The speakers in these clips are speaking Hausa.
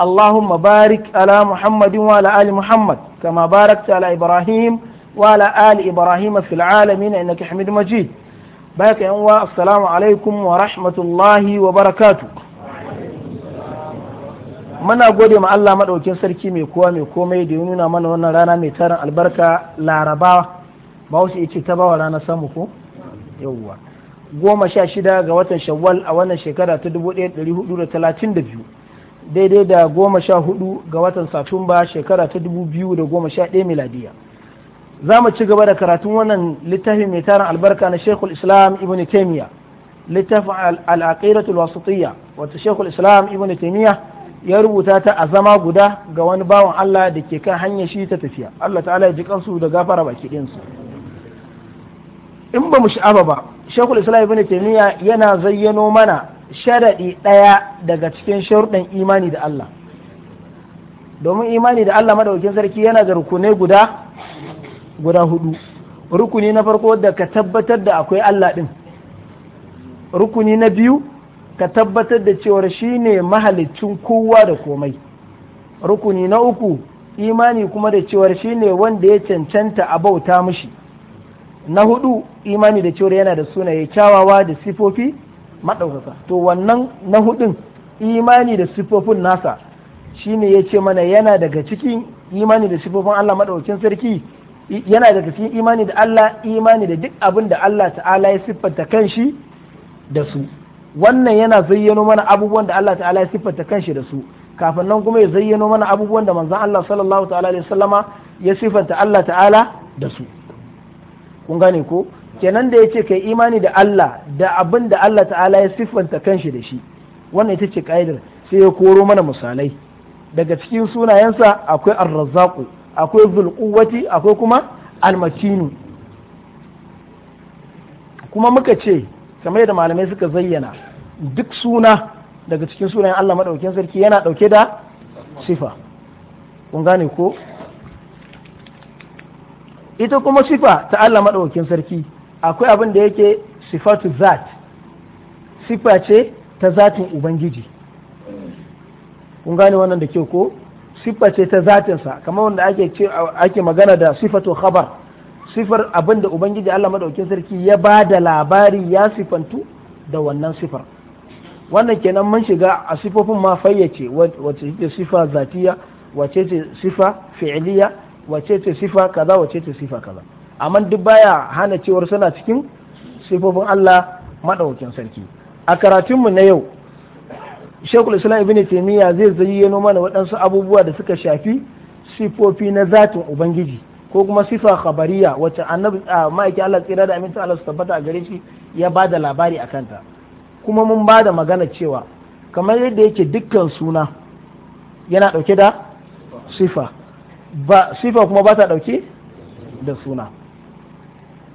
اللهم بارك على محمد Muhammad kama محمد كما باركت على إبراهيم وعلى آل إبراهيم في العالمين إنك حميد مجيد بارك يا السلام عليكم ورحمة الله وبركاته muna gode ma Allah maɗaukin sarki mai kowa mai komai da ya nuna mana wannan rana mai tarin albarka laraba ba wasu ce ta bawa rana samu ko goma sha shida ga watan shawwal a wannan shekara ta dubu ɗaya ɗari hudu da talatin da biyu daidai da goma sha hudu ga watan satumba shekara ta dubu biyu da goma sha ɗaya miladiya za mu ci gaba da karatun wannan littafin mai tarin albarka na shekul islam ibn taimiyya littafin al'aqiratul wasatiyya wata shekul islam ibn taimiyya ya rubuta ta a zama guda ga wani bawan allah da ke kan hanyar shi ta tafiya allah ta'ala ya ji kansu da gafara baki ɗin su. in ba mu sha'aba ba shekul islam ibn taimiyya yana zayyano mana sharaɗi ɗaya daga cikin sharuɗan imani da Allah domin imani da Allah maɗaukin sarki yana da rukunai guda guda hudu rukuni na farko da ka tabbatar da akwai Allah ɗin rukuni na biyu ka tabbatar da cewar shi ne mahalicin kowa da komai rukuni na uku imani kuma da cewar shi ne wanda ya cancanta a bauta mushi na hudu imani da cewar yana da sunaye kyawawa da sifofi maɗaukaka to wannan na hudun imani da siffofin nasa shine ya ce mana yana daga cikin imani da siffofin Allah maɗaukin sarki yana daga cikin imani da Allah imani da duk abin da Allah ta'ala ya siffanta kanshi da su wannan yana zayyano mana abubuwan da Allah ta'ala ya siffanta kanshi da su kafin nan kuma ya zayyano mana abubuwan da manzon Allah sallallahu ta'ala ya siffanta Allah ta'ala da su kun gane ko kenan da ya ce kai imani da Allah da abin da Allah ta'ala ya siffanta kanshi da shi wannan ita ce ka'idar sai ya koro mana misalai daga cikin sunayensa akwai arrazaku akwai zulkuwati akwai kuma almatinu kuma muka ce kamar yadda malamai suka zayyana duk suna daga cikin sunayen Allah maɗaukin sarki yana ɗauke da sifa kun gane ko ita kuma sifa ta Allah maɗaukin sarki akwai abin da yake sifatu zat sifa ce ta zatin ubangiji kun gane wannan da kyau ko sifa ce ta zatinsa kamar wanda ake ce ake magana da sifatu khabar sifar abin da ubangiji Allah madaukin sarki ya ba da labari ya sifantu da wannan sifar wannan kenan mun shiga a sifofin ma fayyace wacce ce sifa zatiya wacce ce sifa fi'liya wacce ce sifa kaza wacce ce sifa kaza amma duk baya hana cewar suna cikin sifofin Allah madaukakin sarki a karatunmu na yau shekul islam ibn taimiyya zai zayyano mana waɗansu abubuwa da suka shafi sifofi na zatin ubangiji ko kuma sifa khabariya wacce annabi ma'aiki Allah tsira da aminta Allah su tabbata a gare shi ya ba da labari a kanta kuma mun ba da magana cewa kamar yadda yake dukkan suna yana ɗauke da sifa ba sifa kuma ba ta ɗauke da suna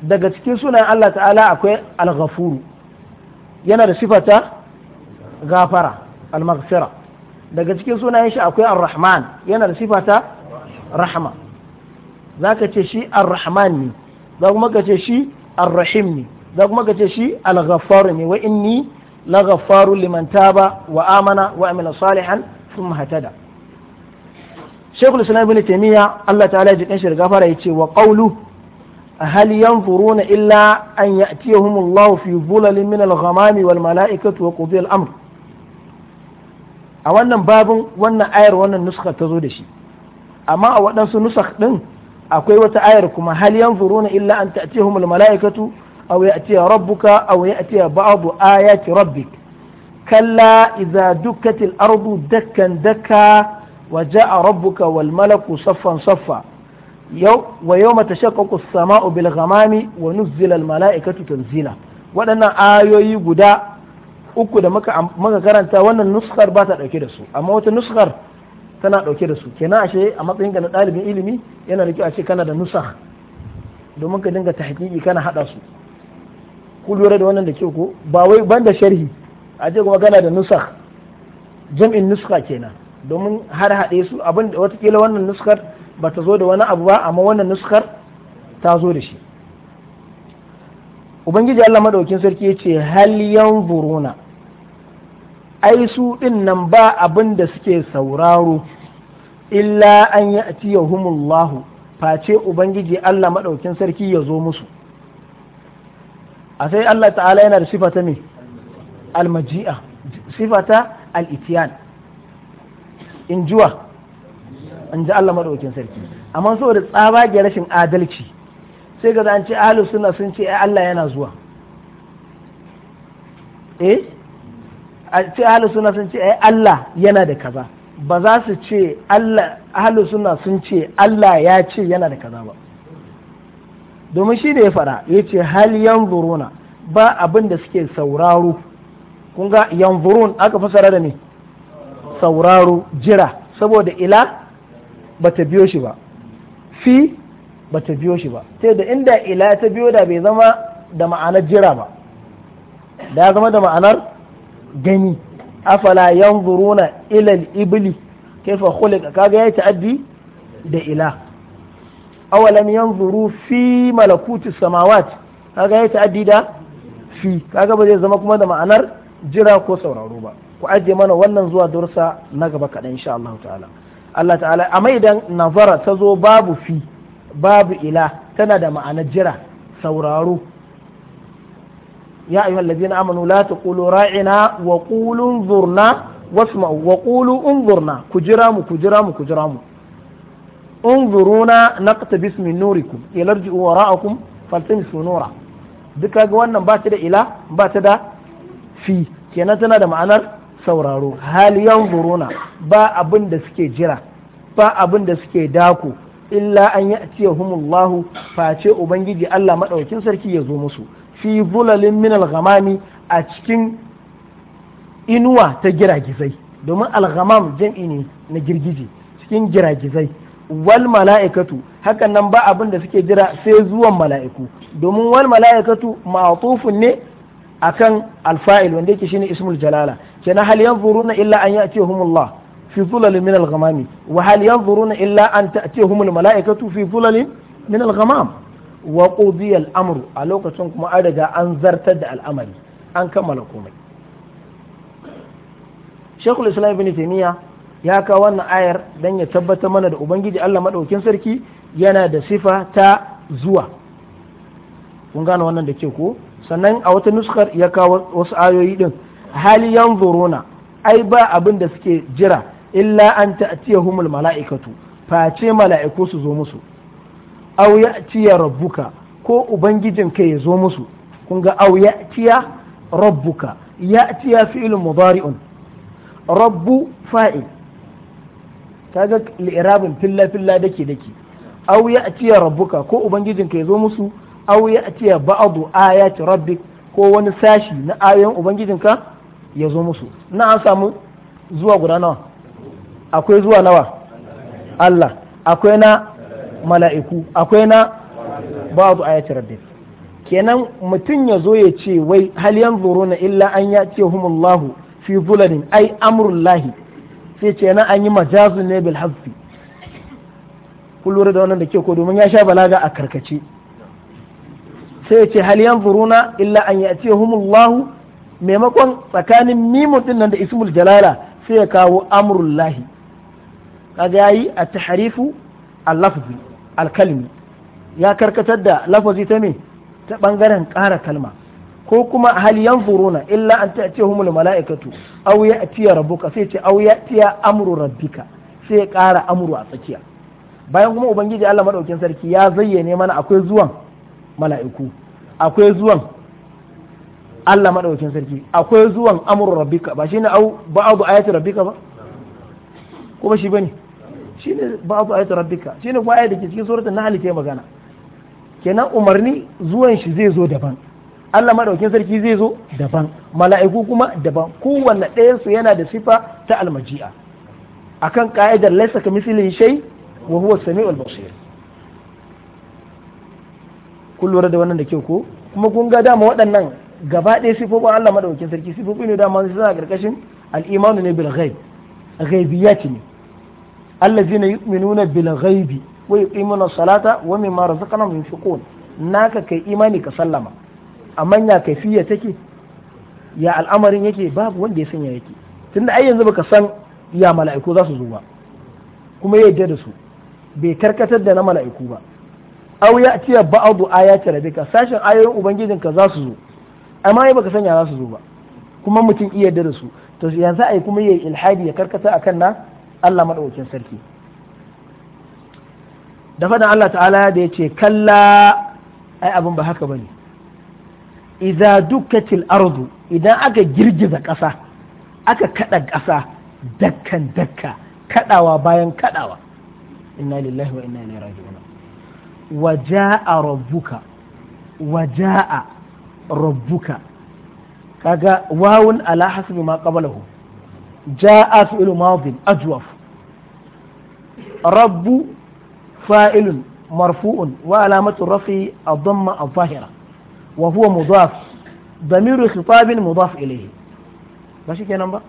daga cikin sunan Allah ta'ala akwai al-ghafuru yana da sifata gafara al-maghfira daga cikin sunayen shi akwai ar-rahman yana da sifata rahma zaka ce shi ar-rahman ne za kuma ka ce shi ar-rahim ne za kuma ka ce shi al-ghaffar ne wa inni la ghaffaru liman taba wa amana wa amila salihan thumma hatada shaykhul islam ibn taymiya Allah ta'ala ya ji kan shi gafara yace wa qawlu A ينظرون إلا أن يأتيهم الله في ظلل من الغمام والملائكة وقضي الأمر a wannan babin wannan ayar wannan nuska ta zo da shi amma a waɗansu nusak ɗin akwai wata ayar kuma hal yanzuruna illa an ta'tihumul mala'ikatu aw ya'tiya rabbuka aw ya'tiya ba'du ayati rabbi kalla idza dukkatil ardu dakkan dakka a ja'a rabbuka wal malaku saffan saffa wa yau mata shakkaku sama'u bil ghamami wa nuzzilal mala'ikatu waɗannan ayoyi guda uku da muka karanta wannan nuskar ba ta ɗauke da su amma wata nuskar tana ɗauke da su kenan ashe a matsayin ga na ɗalibin ilimi yana da kyau a ce kana da nusa domin ka dinga tahqiqi kana haɗa su ku lura da wannan da kyau ko ba wai banda sharhi a ce kuma kana da nusa jam'in nuska kenan domin har haɗe su abin wata watakila wannan nuskar ba ta zo da wani abu ba amma wannan nuskar ta zo da shi ubangiji Allah maɗaukin sarki ya ce hal zuruna ai su ɗin nan ba abin da suke sauraro illa an ciyahumullahu face ubangiji Allah maɗaukin sarki ya zo musu a sai Allah ta'ala yana da sifata me almaji'a sifata al-itiyan injuwa in ji Allah madaukakin sarki amma saboda tsabage rashin adalci sai ga an ce ahlus sunna sun ce Allah yana zuwa eh a ce ahlus sunna sun ce Allah yana da kaza ba za su ce Allah ahlus sunna sun ce Allah ya ce yana da kaza ba domin shi da ya fara ya ce hal yanzuruna ba abin da suke sauraro kun ga yanzurun aka fasara da ne sauraro jira saboda ila bata biyo shi ba fi bata biyo shi ba sai da inda ila ta biyo da bai zama da ma'anar jira ba da ya zama da ma'anar gani afala yanzuruna ila al-ibli kaifa khuliqa kaga yayi ta'addi da ila awalam yanzuru fi malakuti samawat kaga yayi ta'addi da fi kaga ba zai zama kuma da ma'anar jira ko sauraro ba ku ajiye mana wannan zuwa dursa na gaba kaɗan insha Allah ta'ala Allah ta'ala amma idan nazara ta zo babu fi babu ila tana da ma'ana jira sauraro ya ayyuhal ladina amanu la taqulu ra'ina wa qulu unzurna wasma'u wa qulu unzurna ku jira mu ku jira mu ku jira mu unzuruna naqtabis min nurikum yarji'u wara'akum faltamisu nura duka ga wannan ba ta da ila ba ta da fi kenan tana da ma'anar sauraro hal yanzuruna ba abin da suke jira ba abin da suke dako illa an ya'tiyahumullahu face ubangiji Allah madaukin sarki ya zo musu fi zulalin min alghamami a cikin inuwa ta giragizai domin alghamam jam'i ne na girgije cikin giragizai wal mala'ikatu hakan nan ba abin da suke jira sai zuwan mala'iku domin wal mala'ikatu ma'tufun ne akan alfa'il wanda yake shine ismul jalala kenan hal yanzuruna illa an ya'tihumullah fi zulalin min al-ghamami wa hal yanzuruna illa an ta'tihumul mala'ikatu fi zulalin min al-ghamam wa qudiya al-amru a lokacin kuma an riga an zartar da al'amari an kammala komai Sheikhul Islam Ibn Taymiyyah ya kawo wannan ayar dan ya tabbatar mana da ubangiji Allah madaukin sarki yana da sifa ta zuwa kun gane wannan da ke ko sannan a wata nuskar ya kawo wasu ayoyi din hali yanzuruna ai ba abin da suke jira illa an humul mala'ikatu face mala'iku su zo musu aw ya'tiya rabbuka ko ubangijin kai ya zo musu kun ga aw ya'tiya rabbuka ya'tiya fi'lun mudari'un rabbu fa'il kaga li'irabin filla filla dake dake aw ya'tiya rabbuka ko ubangijin kai ya zo musu aw ya'tiya ba'du ayati rabbik ko wani sashi na ayoyin ubangijinka ya zo musu na an samu zuwa guda nawa akwai zuwa nawa Allah akwai na mala'iku akwai na babu ayatul rabbi kenan mutum ya zo ya ce wai hal yanzuruna illa an ya ce humullahu fi zulalin ai amrullahi sai ce na an yi majazu ne bil hafi kullure da wannan da ke ko domin ya sha balaga a karkace sai ce hal yanzuruna illa an ya ce humullahu maimakon tsakanin mimun ɗin nan da ismul jalala sai ya kawo amrullahi kaga yayi a tahrifu al-lafzi al-kalmi ya karkatar da lafazi ta me ta ɓangaren ƙara kalma ko kuma a hal yanzuruna illa an humul mala'ikatu aw ya'tiya rabbuka sai ce aw ya'tiya amru rabbika sai ya ƙara amru a tsakiya bayan kuma ubangiji Allah madaukin sarki ya zayyane mana akwai zuwan mala'iku akwai zuwan Allah maɗaukin sarki akwai zuwan amru rabbika ba shine au ba'adu ayati rabbika ba ko ba shi bane shine ba'adu ayati rabbika shine ko ayati dake cikin suratul nahl ta magana kenan umarni zuwan shi zai zo daban Allah maɗaukin sarki zai zo daban mala'iku kuma daban kowanne ɗaya su yana da sifa ta almaji'a akan ka'idar laysa kamithlihi shay wa huwa as-sami'ul basir kun da wannan da kyau ko kuma kun ga dama waɗannan gaba ɗaya sifofin Allah madaukakin sarki sifofi ne dama su suna karkashin al-imanu ne bil ghaib ce ne yu'minu na bil ghaibi wa yuqimuna salata wa mimma razaqnahum yunfiqun naka kai imani ka sallama amma ya kaifiya take ya al'amarin yake babu wanda ya sanya yake tunda ai yanzu baka san ya mala'iku za su zo ba kuma ya yadda da su bai karkatar da na mala'iku ba aw ya'tiya ba'du ayati rabbika sashin ayoyin ubangijinka za su zo amma ai baka sanya za su zo ba kuma mutum iya da su to ya za a yi kuma yayi ilhadi ya karkata akan na Allah madaukakin sarki da faɗin Allah ta'ala da ya ce kalla ai abin ba haka bane idza dukkatil ardu idan aka girgiza ƙasa aka kada ƙasa dakkan dakka kadawa bayan kadawa inna lillahi wa inna ilaihi raji'un waja'a rabbuka waja'a rabbuka kaga wawun ala hasbi ma qablahu jaa fi'lu madin ajwaf rabbu fa'ilun marfu'un wa alamatu rafi ad-damma wa huwa mudaf kenan ba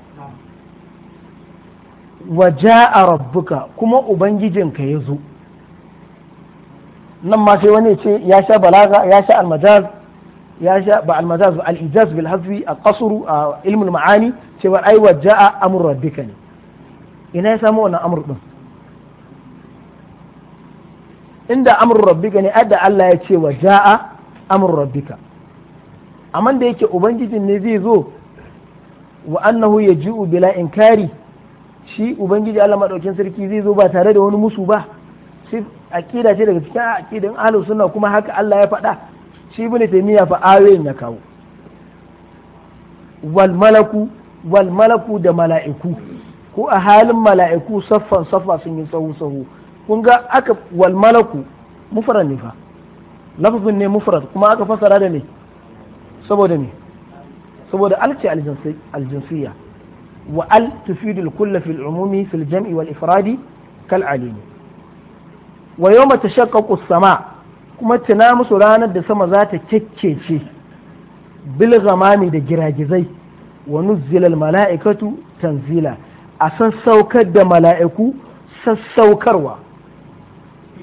rabbuka kuma ubangijinka ka yazo. nan ma sai wani ce ya sha balaga ya sha almajaz ya sha ba almazaz ba al-ijaz bil hasbi al-qasr ilmul ma'ani cewa ai wa ja'a amru rabbika ne ina ya samu wannan amru din inda amru rabbika ne adda Allah ya ce wa ja'a amru rabbika amma da yake ubangijin ne zai zo wa annahu yaji'u bila inkari shi ubangiji Allah madaukin sarki zai zo ba tare da wani musu ba sai aqida ce daga cikin aqidan ahlus sunna kuma haka Allah ya faɗa shi ibn miya fa ayoyin ya kawo wal malaku da mala'iku ko a halin mala'iku saffan saffa sun yi sahu sahu kun ga aka wal malaku ne fa lafafin ne mufarar kuma aka fasara da ne saboda ne saboda alci aljinsiyya wa al tufidul kulla fil umumi fil jami wal ifradi kal alimi wa yawma tashaqqaqu as-sama' kuma tuna musu ranar da sama za ta kyakkece bil da giragizai wa zilal mala'ikatu tanzila a san saukar da mala'iku sassaukarwa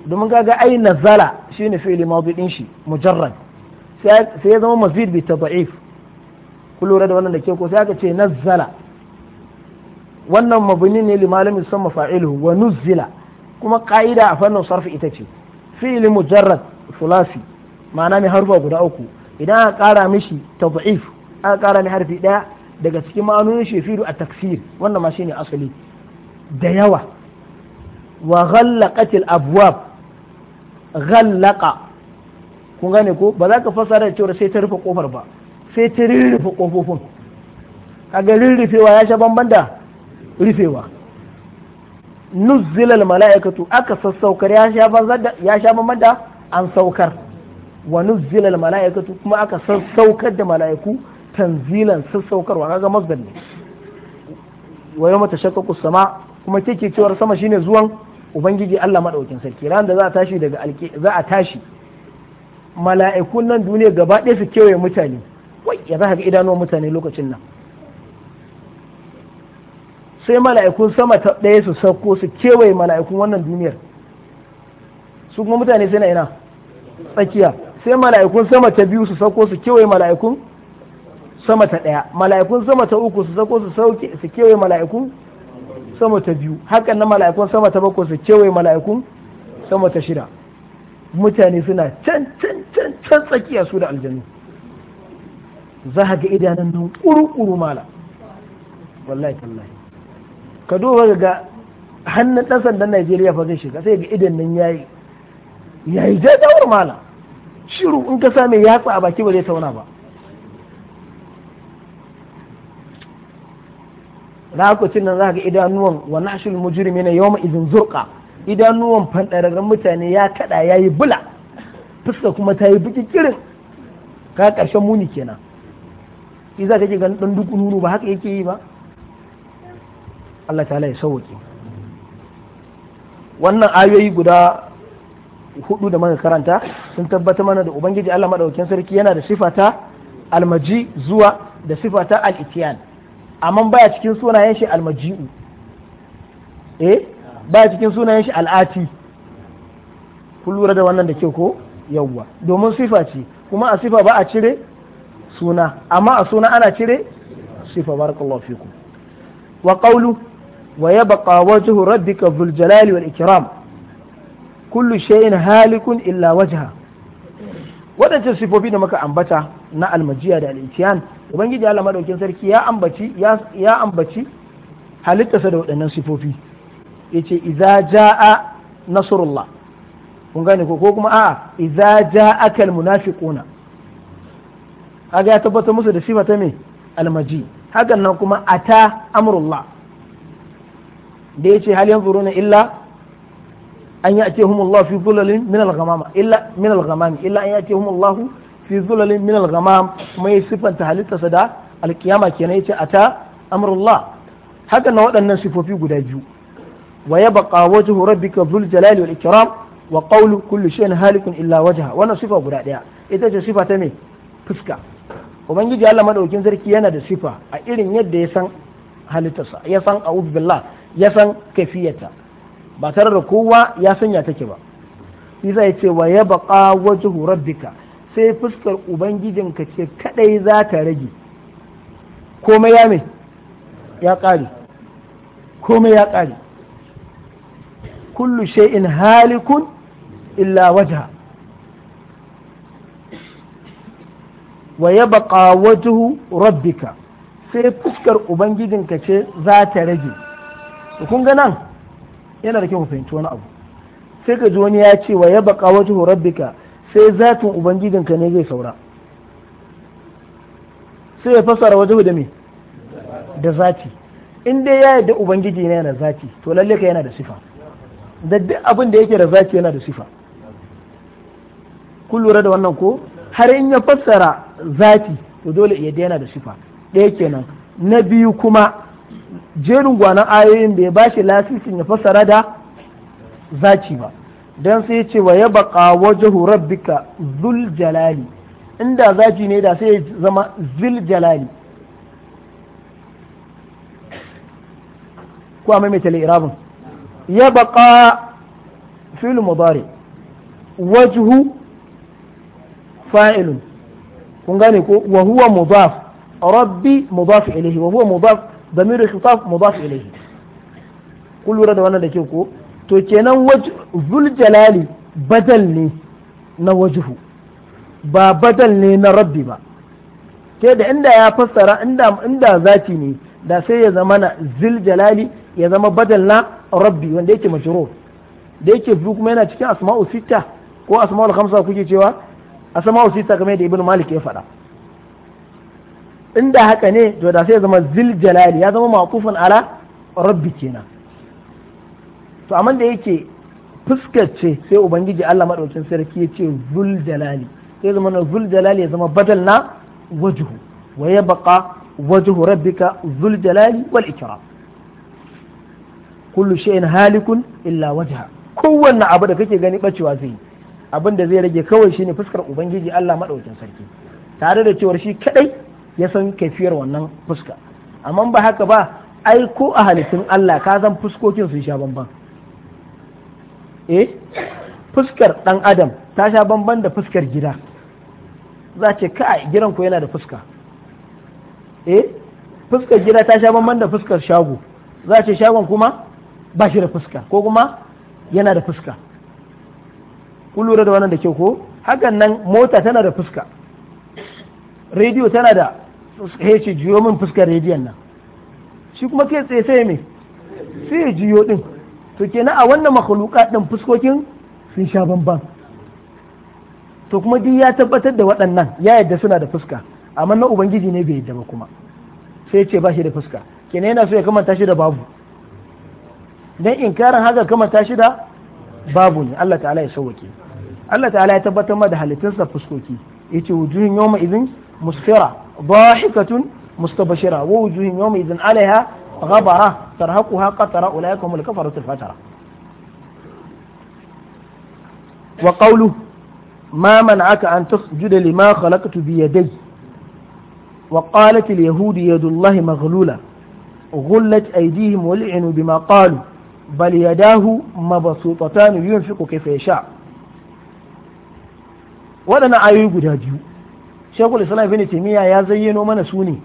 domin gaga ai nazala shine fi'li madi din shi mujarrad sai ya zama mazid bi tad'if ku lura da wannan da ke ko sai aka ce nazala wannan mabni ne li malami sama fa'iluhu wa nuzzila kuma ka'ida a fannin sarfi ita ce fi'li mujarrad fulasi ma'ana mai harfa guda uku idan aka ƙara mishi tabu'if aka kara mai harfi ɗaya daga cikin ma'anonin shefiru a taksir wannan ma ne asali da yawa wa ghallaqatil abwab ghallaqa kun gane ko ba za ka fasara da cewa sai ta rufe kofar ba sai ta rurrufe kofofin kaga rurrufewa ya sha bamban da rufewa nuzzilal mala'ikatu aka sassaukar ya sha bamban da an saukar wa nuzzila al mala'ikatu kuma aka saukar da mala'iku tanzilan sassaukarwa kaga masdar ne wa yawma tashaqqaqu sama kuma kike cewar sama shine zuwan ubangiji Allah madaukin sarki ran da za a tashi daga alke za a tashi mala'ikun nan duniya gaba ɗaya su kewaye mutane wai ya za ka ga idanuwan mutane lokacin nan sai mala'ikun sama ta ɗaya su sauko su kewaye mala'ikun wannan duniyar su kuma mutane sai na ina tsakiya sai mala'ikun sama ta biyu su sauko su kewaye mala'ikun sama ta ɗaya mala'ikun sama ta uku su sauko su sauke su kewaye mala'ikun sama ta biyu hakan na mala'ikun sama ta bakwai su kewaye mala'ikun sama ta shida mutane suna can can can can tsakiya su da aljanu za ka ga idanun nan ƙuru mala wallahi tallahi ka duba ga hannun ɗan sandan Najeriya fa zai shiga sai ga idan nan yayi yayi zai dawar mala shiru in ka same ya a baki ba zai tauna ba lokacin nan za ka idanuwan wa nashul mujrimina yawma izin zurqa idanuwan fandararren mutane ya kada yayi bula fuska kuma ta yi biki kirin ka karshen muni kenan iza ke ganin dan duk nuru ba haka yake yi ba Allah ta'ala ya sauke wannan ayoyi guda hudu da muka karanta sun tabbata mana da ubangiji Allah madaukakin sarki yana da sifata almaji zuwa da sifata al-itiyan amma baya cikin sunayen shi almaji'u eh baya cikin sunayen shi al'ati kun lura da wannan da ke ko yawwa domin sifa ce kuma a sifa ba a cire suna amma a suna ana cire sifa barakallahu fikum wa qawlu wa yabqa wajhu rabbika dhul jalali wal ikram kullu shay'in halikun illa wajha waɗancan sifofi da muka ambata na almajiya da al'itiyan ubangiji Allah madaukin sarki ya ambaci ya ambaci halittarsa da waɗannan sifofi yace idza jaa nasrullah kun gane ko kuma a'a idza kal munafiquna kaga ya tabbata musu da sifa ta me almaji hakan nan kuma ata amrullah da yace hal yanzuruna illa an ya'tihum Allah fi zulalin min al-ghamam illa min al-ghamam illa an ya'tihum Allah fi zulalin min al-ghamam mai sifanta halittarsa da alkiyama kenan yace ata amrullah haka na waɗannan sifofi guda biyu wa yabqa wajhu rabbika dhul jalali wal ikram wa qawlu kullu shay'in halikun illa wajha wannan sifa guda daya ita ce sifa ta me fuska ubangiji Allah madaukin sarki yana da sifa a irin yadda ya san halittarsa ya san a'udhu billah ya san kafiyata ba tare da kowa ya sanya take ba isa ya ce wa ya baƙa wajhu rabbika sai fuskar ubangijinka ce kadai za ta rage komai ya mai ya kare. komai ya kare kullu shay'in halikun illa wajha wa ya baƙa wajhu rabbika sai fuskar ubangijinka ce za ta rage kun ga nan yana da kyau ku fahimci wani abu sai ka ji wani ya ce wa ya baka wata rabbika sai zatin ubangijinka ne zai saura sai ya fasara wajhu da me da zati in dai ya yadda ubangiji ne yana zati to lalle ka yana da sifa da duk abin da yake da zati yana da sifa kun lura da wannan ko har in ya fassara zati to dole ya yana da sifa ɗaya kenan na biyu kuma jerin gwanan ayoyin bai ba shi lasisin ya fassara da zaki ba don sai ce wa ya waje wajhu rabbika zul jalali inda zaki ne da sai ya zama zil jalali ko a maimaita irabun ya baqa fi'l mudari wajhu fa'ilun kun gane ko wa huwa mudaf rabbi mudaf ilayhi wa huwa mudaf ضمير الخطاب مضاف إليه كل ورد وانا da kyau ko to kenan zul jalali badal ne na ba badal ne na rabbi ba ke da inda ya fassara inda inda zati ne da sai ya zama na zil jalali ya zama badal na rabbi wanda yake majuro da yake zu kuma yana cikin asma'u sita ko asma'ul khamsa kuke cewa asma'u sita kamar da ibnu malik ya faɗa inda haka ne to da sai ya zama zil jalali ya zama maqufan ala rabbi kenan to amma da yake fuskar sai ubangiji Allah madaukin sarki ya ce zul jalali sai zama na zul jalali ya zama badal na wajhu wa yabqa wajhu rabbika zul jalali wal ikram kullu shay'in halikun illa wajha kowanne abu da kake gani bacewa zai yi abin da zai rage kawai shine fuskar ubangiji Allah maɗaukin sarki tare da cewar shi kadai ya san kafiyar wannan fuska amma ba haka ba ai ko a halittun Allah ka san fuskokin sun sha bamban eh fuskar dan adam ta sha bamban da fuskar gida za ce kai gidan ku yana da fuska eh fuskar gida ta sha bamban da fuskar shago za ce shagon kuma ba shi da fuska ko kuma yana da fuska ku lura da wannan da ke ko hakan nan mota tana da fuska rediyo tana da sai ce jiyo min fuskar rediyon nan shi kuma kai tsaye sai me sai ya din to kenan a wannan makhluka din fuskokin sun sha bamban to kuma duk ya tabbatar da waɗannan ya yadda suna da fuska amma na ubangiji ne bai yadda ba kuma sai ce ba shi da fuska kenan yana so ya kamanta shi da babu dan inkarin haka kamanta shi da babu ne Allah ta'ala ya sauke Allah ta'ala ya tabbatar ma da halittunsa fuskoki yace wujuhun yawma idin musfira ضاحكة مستبشرة ووجوه يومئذ عليها غبرة ترهقها قطرة أولئك هم الكفرة الفجرة وقوله ما منعك أن تسجد لما خلقت بيدي وقالت اليهود يد الله مغلولة غلت أيديهم ولعنوا بما قالوا بل يداه مبسوطتان ينفق كيف يشاء ولنا عيوب آية داجيو shekul islam ibn timiya ya zayyano mana su ne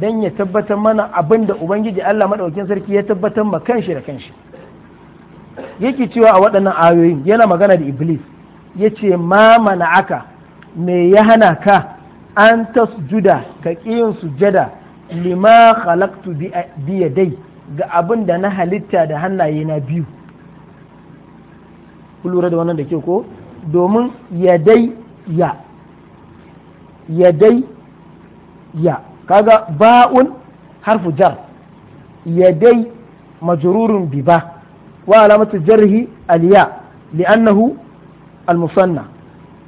dan ya tabbatar mana abinda ubangiji Allah madaukakin sarki ya tabbatar ma kanshi da kanshi yake cewa a waɗannan ayoyin yana magana da iblis yace ma aka me ya hana ka an tasjuda ka yin sujada lima khalaqtu bi dai ga abin da na halitta da hannaye na biyu ku lura da wannan da ke ko domin yadai ya yadai ya kaga ba'un harfu jar yadai majrurun bi ba wa alamatu jarhi aliya li'annahu al-musanna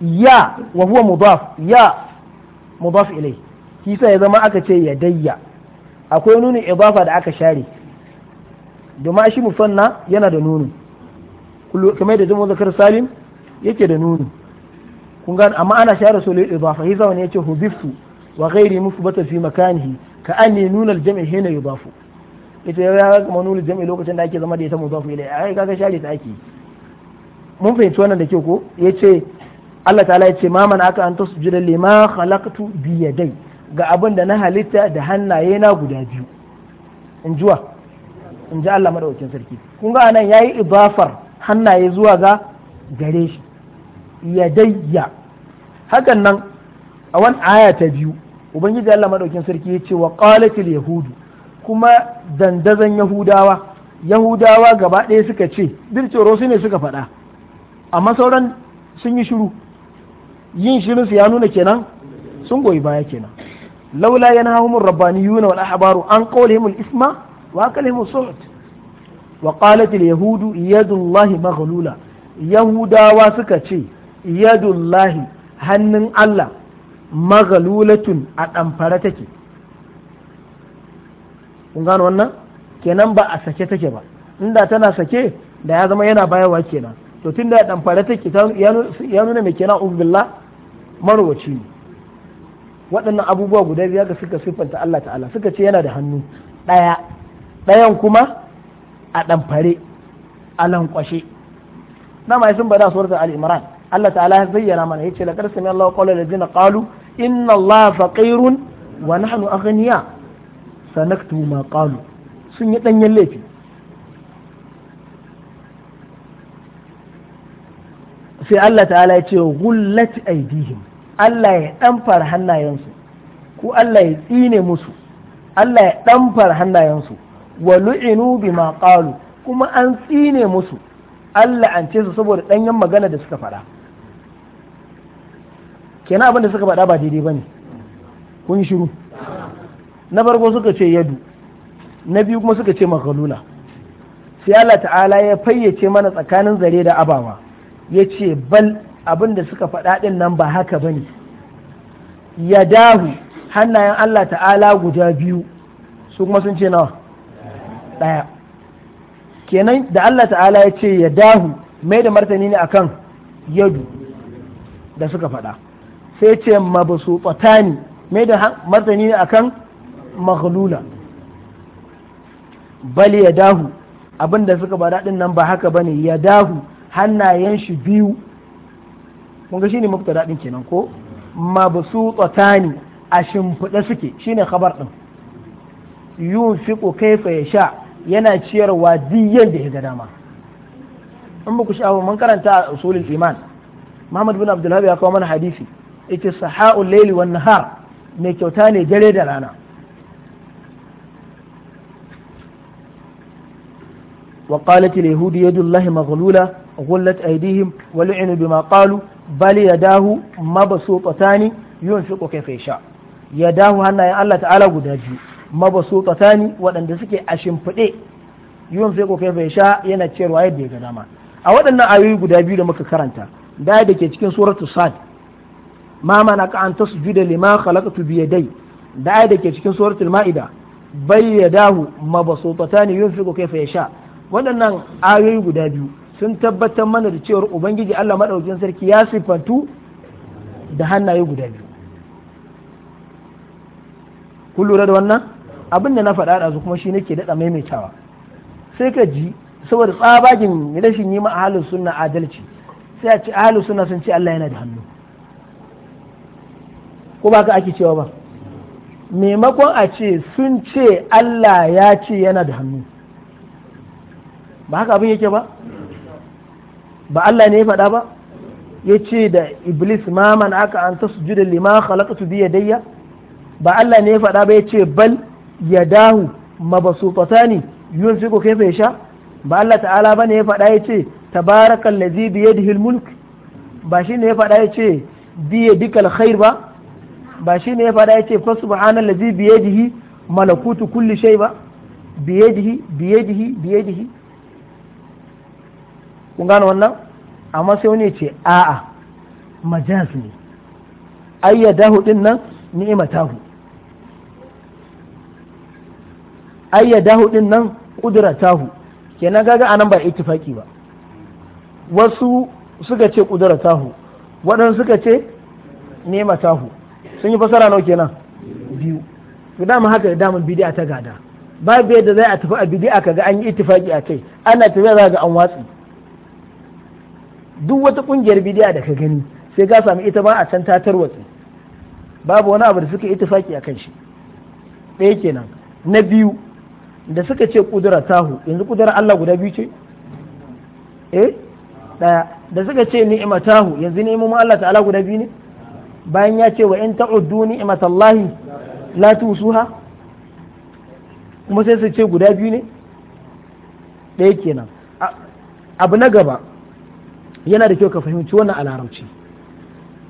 ya wa huwa mudaf ya mudaf ilai kisa ya zama aka ce yadayya akwai nunin idafa da aka share domin shi musanna yana da nunu kamar da jama'a zakar salim yake da nuni. kun gane amma ana share su lil idafa hiza wani yace hudiftu wa ghairi mufbata fi makanihi ka anni nunal jam'i hina yudafu ita ya ga kuma nunal jam'i lokacin da ake zama da ita mudafu ila ai kaga share ta ake mun fahimci wannan da ke ko yace Allah ta'ala yace ma man aka an tasjuda lima khalaqtu bi yadai ga abin da na halitta da hannaye na guda biyu in juwa in ji Allah madaukakin sarki kun ga nan yayi idafar hannaye zuwa ga gare shi yadayya hakan nan a wani aya ta biyu ubangiji Allah madaukin sarki ya ce wa qalatil yahudu kuma dandazan yahudawa yahudawa gaba ɗaya suka ce dircoro su ne suka faɗa amma sauran sun yi shiru yin shirin su ya nuna kenan sun goyi baya kenan laula yanhahumur yuna wal ahbaru an qawlihimul isma wa akalihimul suhut wa qalatil yahudu yadullahi maghlula yahudawa suka ce yadullahi hannun Allah magalulatun a ɗamfara take kun gano wannan kenan ba a sake take ba inda tana sake da ya zama yana bayarwa kenan to tun da ya ɗamfara take ya nuna mai kenan ubillah marwaci ne waɗannan abubuwa guda biyar da suka siffanta Allah ta'ala suka ce yana da hannu ɗaya ɗayan kuma a ɗamfare a lankwashe dama sun bada suwar da al'imran Allah ta'ala ya zayyana mana yace la qarsami Allah qala allazina qalu inna Allah faqirun wa nahnu aghniya sanaktu ma qalu sun yi danyen laifi sai Allah ta'ala ya ce gullat aidihim Allah ya ɗanfar hannayensu ko Allah ya tsine musu Allah ya ɗanfar hannayensu wa lu'inu bima qalu kuma an tsine musu Allah an ce su saboda ɗanyen magana da suka faɗa kenan abin da suka faɗa ba daidai ba ne kun shiru na farko suka ce yadu na biyu kuma suka ce makalula sai Allah ta'ala ya fayyace mana tsakanin zare da abawa ya ce bal abin da suka faɗa ɗin nan ba haka ba ne ya dahu hannayen Allah ta'ala guda biyu su kuma sun ce nawa ɗaya kenan da Allah ta'ala ya ce ya dahu mai da martani ne akan yadu da suka faɗa sai ce ma mabsutatani mai da martani ne akan maghlula Bali ya dahu abinda suka ba daɗin nan ba haka bane dahu hannayen shi biyu kun ga shine mafita daɗin kenan ko mabsutatani a shimfiɗe suke shine khabar din yunfiqu kaifa sha yana ciyarwa diyan da ya ga dama in ba ku sha'awa mun karanta a usulul iman Muhammad bin abdullahi ya kawo mana hadisi ita sahau laili wa nahar mai kyauta ne dare da rana wa qalat al yahudiyyu allahi maghlula ghullat aydihim wa lu'inu bima qalu bal yadahu mabsuṭatani yunfiqu kayfa yasha yadahu hanna ya allah ta'ala guda biyu mabsuṭatani wadanda suke a shimfide yunfiqu kayfa yasha yana cewa yadda ya ga dama a waɗannan ayoyi guda biyu da muka karanta da ke cikin suratul sad ma ka an tasjuda lima khalaqtu bi yadai da ayat ke cikin suratul maida bayyadahu mabsutatan yunfiqu kayfa yasha waɗannan ayoyi guda biyu sun tabbatar mana da cewar ubangiji Allah madaukakin sarki ya sifantu da hannaye guda biyu kun lura da wannan abin da na faɗa da kuma shi nake daɗa maimaitawa sai ka ji saboda tsabagin rashin yi ma ahalin sunna adalci sai a ce ahalin sunna sun ce Allah yana da hannu ko ba ka ake cewa ba maimakon a ce sun ce Allah ya ce yana da hannu ba haka abin yake ba ba Allah ne ya faɗa ba ya ce da iblis ma man aka an ta liman lima su biya daya ba Allah ne ya faɗa ba ya ce bal ya ma ba su yadahu ko kai fai sha ba Allah ta'ala ba ne ya faɗa ya ce tabarakal lazi biya da mulk ba shi ne ya faɗa ya ce biya yadikal khair ba ba shi ne ya fada ya ce fa subhanallazi yadihi malakutu kulli shay ba yadihi bi yadihi kun gane wannan amma sai wani ya ce a'a majaz ne ayyadahu din nan ni'matahu ayyadahu din nan qudratahu kenan gaga anan ba ittifaki ba wasu suka ce qudratahu waɗansu suka ce ni'matahu sun yi fasara nawa kenan biyu to dama haka da damar bidi'a ta gada Ba biya da zai a tafi a bidi'a ga an yi ittifaki a kai ana tafiya za ga an watsi duk wata kungiyar bidi'a da ka gani sai ka samu ita ba a can ta tarwatsi babu wani abu da suka ittifaki a kan shi ɗaya kenan na biyu da suka ce kudura tahu yanzu kudura Allah guda biyu ce eh da suka ce ni'ima tahu yanzu ni'imomin Allah ta'ala guda biyu ne bayan ya ce wa in ta'uddu imatallahi la tusuha kuma sai su ce guda biyu ne ɗaya kenan abu na gaba yana da kyau ka fahimci wannan a larabci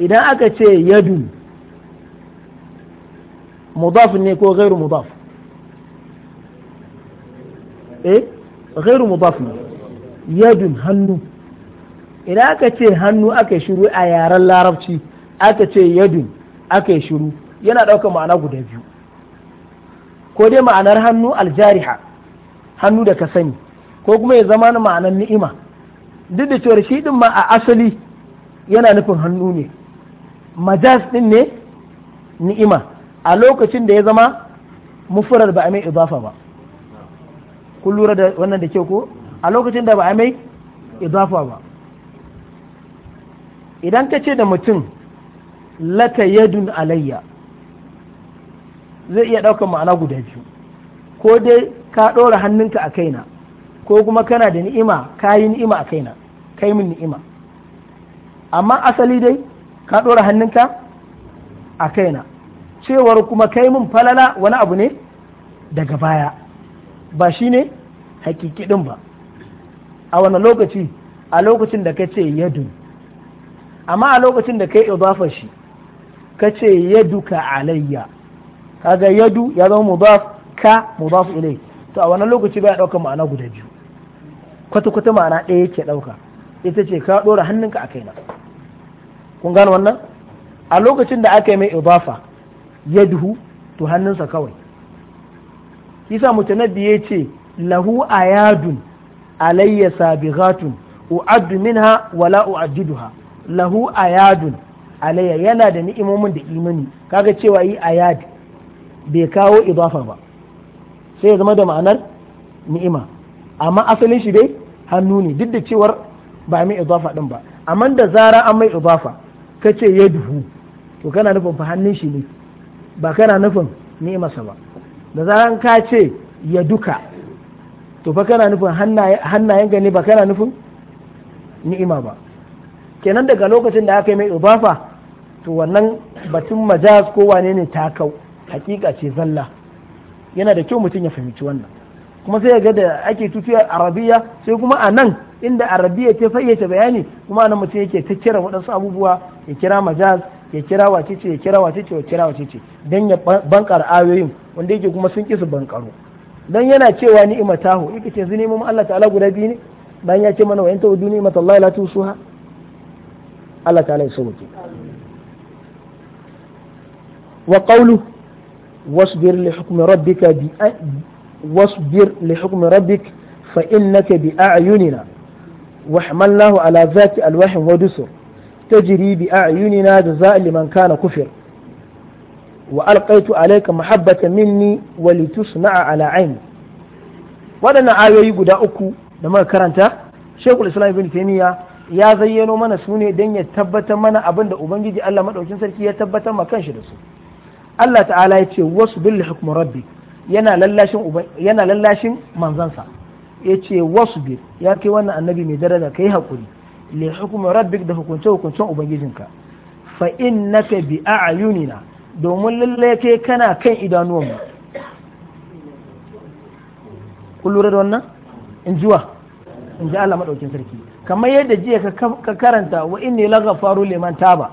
idan aka ce yadu mudaf ne ko gairu mudaf eh gairu mudaf ne yadun hannu idan aka ce hannu aka shiru a yaren larabci aka ce yadin aka yi shiru yana ɗaukar ma'ana guda biyu ko dai ma'anar hannu aljariha hannu da ka sani ko kuma ya zama ma'anar ni'ima duk da cewar shi din ma a asali yana nufin hannu ne majas din ne ni'ima a lokacin da ya zama mufurar ba a mai idafa ba kun lura da wannan da ke ko a lokacin da ba a mai idafa ba idan ka ce da mutum Lata yadun alayya zai iya ɗaukar ma'ana guda biyu ko dai ka ɗora hannunka a kaina ko kuma kana da ni'ima ka yi ni'ima a kaina kai min ni'ima amma asali dai ka ɗora hannunka a kaina cewar kuma kai min falala wani abu ne daga baya ba shi ne hakikidin ba a wani lokaci a lokacin da ka ce yadun amma a lokacin da ka yi shi kace yaduka alayya kaga yadu ya zama mudaf ka mudaf ilai to a wannan lokaci baya ɗaukar ma'ana guda biyu kwata kwata ma'ana ɗaya yake ɗauka ita ce ka ɗora hannunka a kaina kun gane wannan a lokacin da aka yi mai idafa yaduhu to hannunsa kawai kisa mutanabbi ya ce lahu a yadun alayya sabighatun u'addu minha wala duha lahu a yadun. alayya yana da ni'imomin da imani kaga cewa yi ayad bai kawo idafa ba sai ya zama da ma'anar ni'ima amma asalin shi dai hannu ne duk da cewar ba mai idafa din ba amma da zara an mai idafa ka ce ya duhu to kana nufin fa hannun shi ne ba kana nufin ni'imarsa ba da zaran ka ce ya duka to fa kana nufin hannayen gani ba kana nufin ni'ima ba kenan daga lokacin da aka yi mai idafa to wannan batun majaz ko wane ne kau hakika ce zalla yana da kyau mutum ya fahimci wannan kuma sai ya ga da ake tutuwa arabiya sai kuma a nan inda arabiya ta fayyace bayani kuma nan mutum yake ta kira waɗansu abubuwa ya kira majaz ya kira wacece ya kira wacece ya kira wacece dan ya bankar ayoyin wanda yake kuma sun kisa bankaro dan yana cewa ni'ima tahu yake ce zini mu Allah ta'ala guda biyu ne bayan ya ce mana wa yanta duni matallahi la tusuha Allah ta'ala ya sauke وقوله واصبر لحكم ربك بأ... واصبر لحكم ربك فإنك بأعيننا وحملناه على ذات ألواح ودسر تجري بأعيننا جزاء لمن كان كفر وألقيت عليك محبة مني ولتصنع على عيني waɗannan ayoyi guda uku da muka karanta shekul islam ibn taimiyya ya zayyano mana su ne don ya tabbatar mana abin da ubangiji allah maɗaukin sarki ya tabbatar ma kanshi da su Allah ta'ala ya ce wasu billi hukumar rabbi yana lallashin lallashin manzansa ya ce wasu bi ya kai wannan annabi mai daraja yi hakuri li hukumar rabbi da hukunce hukuncen ubangijinka fa in ka bi a'yunina domin lallai kai kana kan idanuwanmu kun lura da wannan in jiwa in ji Allah maɗaukin sarki kamar yadda jiya ka karanta wa inni lagafaru liman taba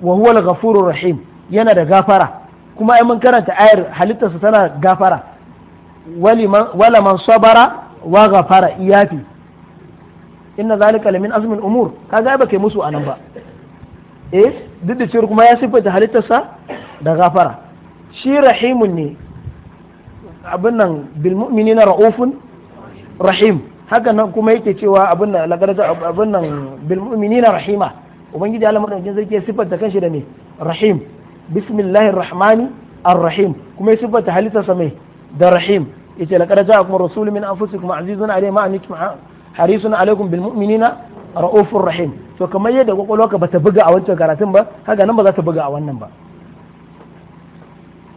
wa huwa al rahim yana da gafara kuma ai mun karanta ayar halittarsa tana gafara wala man sabara wa gafara iyafi inna zalika lamin azmin umur kaga ba kai musu anan ba eh duk da cewa kuma ya siffata halittarsa da gafara shi rahimun ne abin nan bil mu'minina ra'ufun rahim haka nan kuma yake cewa abin nan lagarza abin nan bil mu'minina rahima ubangiji Allah madaukakin sarki ya sifata kanshi da ne rahim bismillahir rahmani ar-rahim kuma ya siffata halittarsa mai da rahim yace laqad ja'akum rasulun min anfusikum azizun alayhi ma antum harisun alaykum bil mu'minina ra'ufur rahim to kamar yadda kwakwalwarka bata buga a wancan karatun ba haka nan ba za ta buga a wannan ba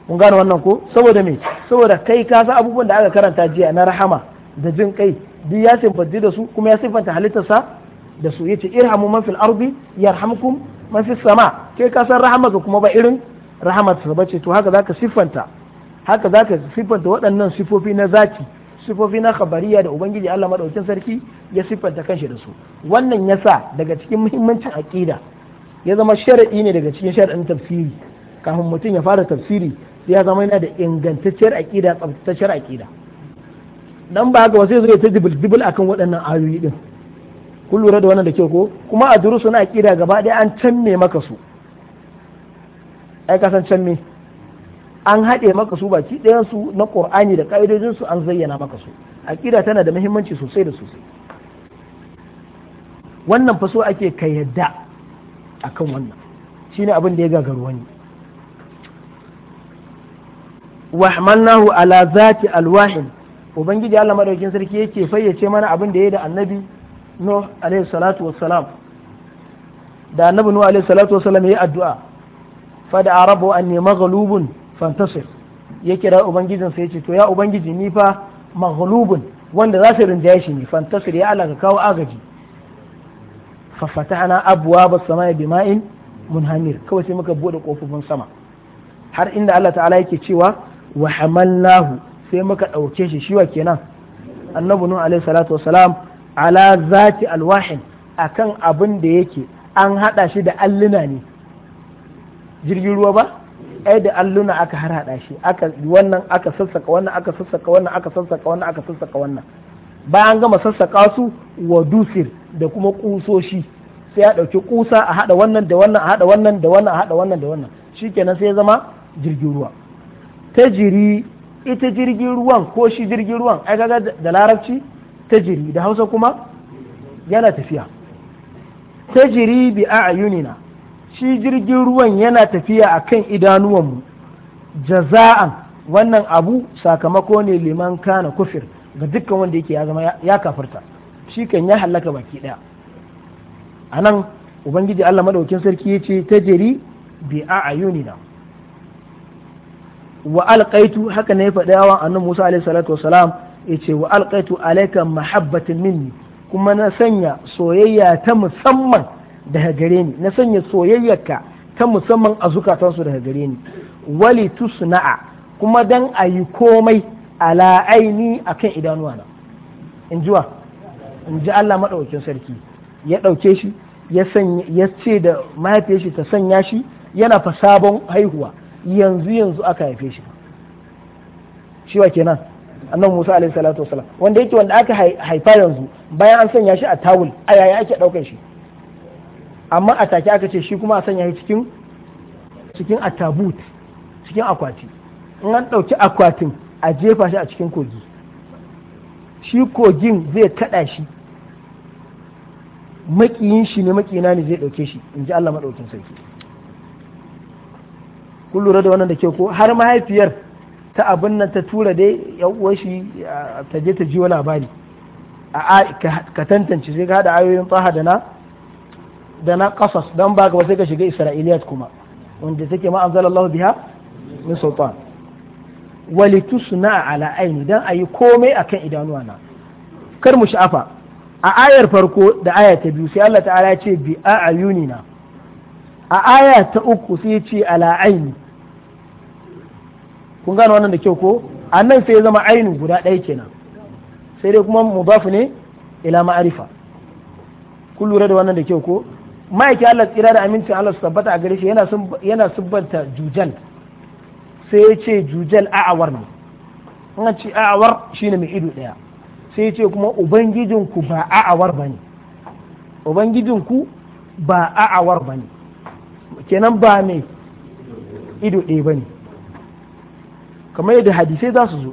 kun wannan ko saboda me saboda kai ka sa abubuwan da aka karanta jiya na rahama da jin kai duk ya sifanti da su kuma ya sifanta halittarsa da su yace irhamu man fil ardi yarhamkum man fis sama kai ka san rahamaka kuma ba irin ba bace to haka zaka siffanta haka zaka siffanta waɗannan sifofi na zaki sifofi na khabariya da ubangiji Allah madaukakin sarki ya siffanta kanshi da su wannan yasa daga cikin muhimmancin aqida ya zama sharadi ne daga cikin sharadin tafsiri kafin mutum ya fara tafsiri ya zama yana da ingantacciyar aqida tsabtacciyar aqida dan ba haka wasu zai ta dibul dibul akan waɗannan ayoyi din kun lura da wannan da ke ko kuma a duru suna kira gaba ɗaya an canme maka su ai ka san canme an haɗe maka su baki ɗayan su na qur'ani da ka'idojin su an zayyana maka su aqida tana da muhimmanci sosai da sosai wannan fa ake ka yadda akan wannan shine abin da ya gagaru wani wahmannahu ala zati alwahid ubangiji Allah madaukin sarki yake fayyace mana abin da ya da annabi nuh alaihi salatu wassalam da annabi nuh alaihi salatu wassalam yayi addu'a fa da arabu anni maghlubun fantasir ya kira ubangijin sai ce to ya ubangiji ni fa maghlubun wanda za su rinjaye shi ne fantasir ya Allah kawo agaji fa fatahna abwaaba samai bima'in munhamir kawai sai muka buɗe kofofin sama har inda Allah ta'ala yake cewa wa hamalnahu sai muka ɗauke shi shiwa kenan annabi nuh alaihi salatu wassalam ala zati alwahin akan abin da yake an hada shi da alluna ne jirgin ruwa ba ai da alluna aka har hada shi aka wannan aka sassaka wannan aka sassaka wannan aka sassaka wannan aka sassaka wannan bayan gama sassaka su wa dusir da kuma kusoshi sai a dauki kusa a hada wannan da wannan a hada wannan da wannan a hada wannan da wannan shikenan sai ya zama jirgin ruwa ta jiri ita jirgin ruwan ko shi jirgin ruwan ai kaga da larabci tajiri da hausa kuma yana tafiya tajiri bi a'yunina shi jirgin ruwan yana tafiya akan idanuwanmu jaza'an wannan abu sakamako ne liman kana kufir ga dukkan wanda yake ya zama ya kafarta shi kan ya halaka baki daya nan ubangiji Allah maɗaukin sarki ce tajiri bi a'yunina wa alƙaitu haka ne faɗawa a nan Musa alaihi salatu wasalam yace wa alƙaitu alaika mahabbatin minni kuma na sanya soyayya ta musamman daga gare ni na sanya soyayyarka ta musamman a zukatansu daga gare ni wali tusna'a kuma dan a yi komai ala aini akan idanuwana in jiwa in ji Allah maɗaukin sarki ya ɗauke shi ya ce da mahaifiyar shi ta sanya shi yana fa sabon haihuwa yanzu yanzu aka haife shi shi wa kenan annabi Musa alaihi salatu wasalam wanda yake wanda aka haifa yanzu bayan an sanya shi a tawul a yaya ake daukar shi amma a take aka ce shi kuma a sanya shi cikin cikin atabut cikin akwati in an dauki akwatin a jefa shi a cikin kogi shi kogin zai kada shi makiyin shi ne makina ne zai dauke shi in ji Allah madaukin sarki kun lura da wannan da ke ko har mahaifiyar ta abin nan ta tura dai yan uwashi ta je ta ji wani labari a ka tantance sai ka hada ayoyin tsaha da na da na kasas dan ba ga sai ka shiga isra'iliyat kuma wanda take ma Allah biha min sultan tusna ala aini dan ayi komai akan idanuwa na kar mu sha'afa a ayar farko da aya ta biyu sai Allah ta'ala ya ce bi a ayunina a aya ta uku sai ya ce ala aini kun gane wannan da kyau ko annan sai ya zama ainu guda ɗaya kenan sai dai kuma mudafu ne ila ma'arifa kun lura da wannan da kyau ko ma'aikin Allah tsira da amincin Allah su tabbata a gare shi yana yana subbanta jujal sai ya ce jujal a'awar ne in ce a'awar shine mai ido ɗaya sai ya ce kuma ubangijinku ba a'awar ne ubangijinku ba a'awar ne kenan ba mai ido ɗaya ne kamar yadda hadisai za su zo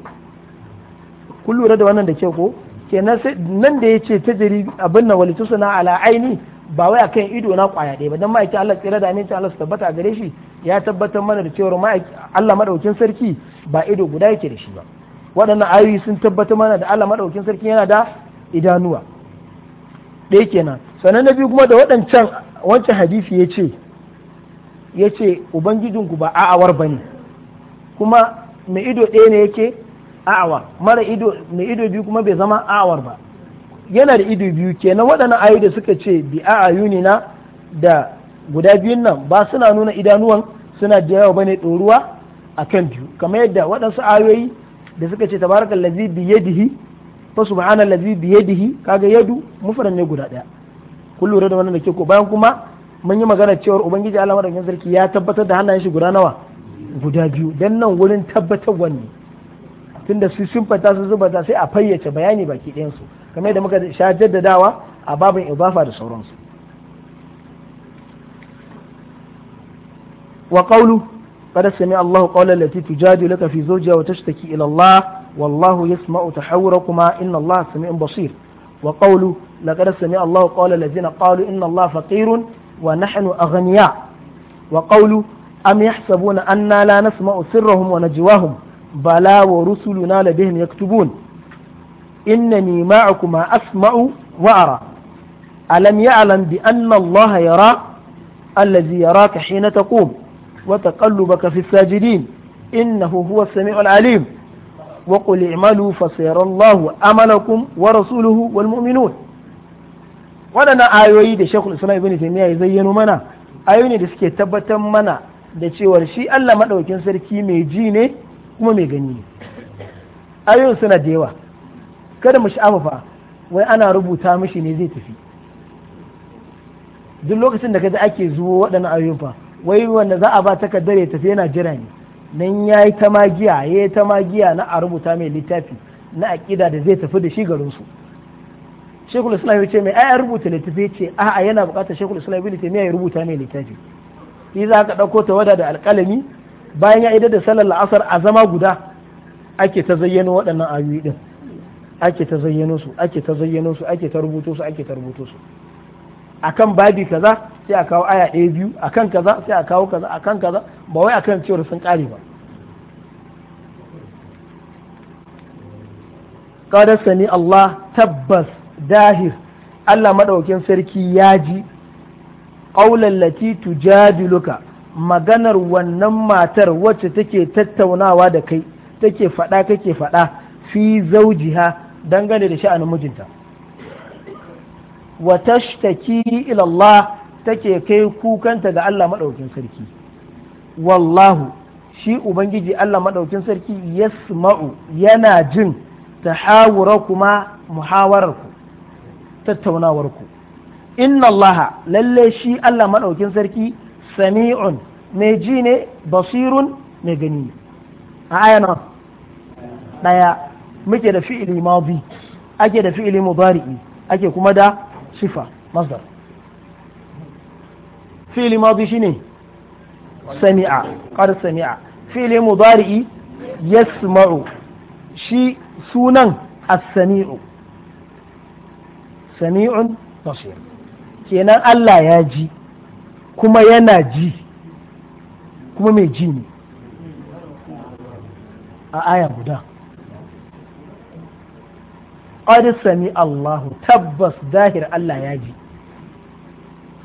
kun lura da wannan da ke ko ke nan da ya ce ta jiri abin na walitu suna ala aini ba wai akan ido na kwaya ɗaya ba don ma'aikin Allah tsira da aminci Allah su tabbata a gare shi ya tabbatar mana da cewa Allah madaukin sarki ba ido guda yake da shi ba waɗannan ayoyi sun tabbatar mana da Allah madaukin sarki yana da idanuwa ɗaya kenan sannan na biyu kuma da waɗancan wancan hadisi ya ce ya ce ubangijinku ba a'awar ba ne kuma mai ido ɗaya ne yake a'awa mara ido mai ido biyu kuma bai zama a'awar ba yana da ido biyu kenan waɗannan ayu da suka ce bi ayuni na da guda biyun nan ba suna nuna idanuwan suna da yawa bane ɗoruwa a kan biyu kamar yadda waɗansu ayoyi da suka ce tabarakal lazi bi yadihi fa subhana lazi bi yadihi kaga yadu mufrad ne guda ɗaya kun lura da wannan da ke ko bayan kuma mun yi magana cewar ubangiji Allah madaukakin sarki ya tabbatar da hannayen shi guda nawa guda biyu dan nan wurin tabbatar wani tunda su sun fata su zubata sai a fayyace bayani baki ɗayansu kamar da muka sha jaddadawa a baban ibafa da sauransu wa qawlu qad sami Allahu qawla allati tujadiluka fi zawjiha wa tashtaki ila Allah wallahu yasma'u tahawurakuma inna Allah sami'un basir wa qawlu laqad sami Allahu qawla allazina qalu inna Allah faqirun wa nahnu aghniya wa qawlu أم يحسبون أنا لا نسمع سرهم ونجواهم بلا ورسلنا لديهم يكتبون إنني معكم أسمع وأرى ألم يعلم بأن الله يرى الذي يراك حين تقوم وتقلبك في الساجدين إنه هو السميع العليم وقل اعملوا فسيرى الله أملكم ورسوله والمؤمنون وأنا آيوي شيخ الإسلام ابن تيمية يزينوا منا آيوني دي تبتم منا da cewar shi Allah maɗaukin sarki mai ji ne kuma mai gani ne ayoyin suna da yawa kada mu sha'afa fa wai ana rubuta mishi ne zai tafi duk lokacin da kaji ake zuwa waɗannan ayoyin fa wai wanda za a ba takardar ya tafi yana jira ne nan ya yi ta magiya ya yi ta magiya na a rubuta mai littafi na aƙida da zai tafi da shi garinsu shekul islam ya ce mai ai rubuta littafi ce a'a yana buƙatar shekul islam ya ce ya rubuta mai littafi shi za ka ɗauko wada da alƙalami bayan ya yi da sallar la'asar a zama guda ake ta zayyano waɗannan ayoyi ɗin ake ta zayyano su ake ta zayyano su ake ta rubuto su ake ta rubuto su akan babi kaza sai a kawo aya ɗaya biyu akan kaza sai a kawo kaza akan kaza ba wai akan cewar sun ƙare ba qad sani Allah tabbas dahir Allah madaukin sarki ya ji qaulan lati tujadiluka maganar wannan matar wacce take tattaunawa da kai take faɗa kake faɗa fi zaujiha dangane da sha'anin mijinta wa tashtaki ila Allah take kai kukanta ga Allah maɗaukin sarki wallahu shi ubangiji Allah maɗaukin sarki yasma'u yana jin tahawura kuma muhawararku tattaunawarku inna allaha lalle shi Allah maɗaukin sarki sami'un mai ji ne basirun mai gani a ayana ɗaya muke da fi'ili madi ake da fi'ili mubari'i ake kuma da sifa masdar fi'ili madi shine sami'a qad sami'a fi'ili mubari'i yasma'u shi sunan as-sami'u sami'un basir kenan Allah ya ji kuma yana ji kuma mai ji ne a aya guda sami Allahu tabbas dahir Allah ya ji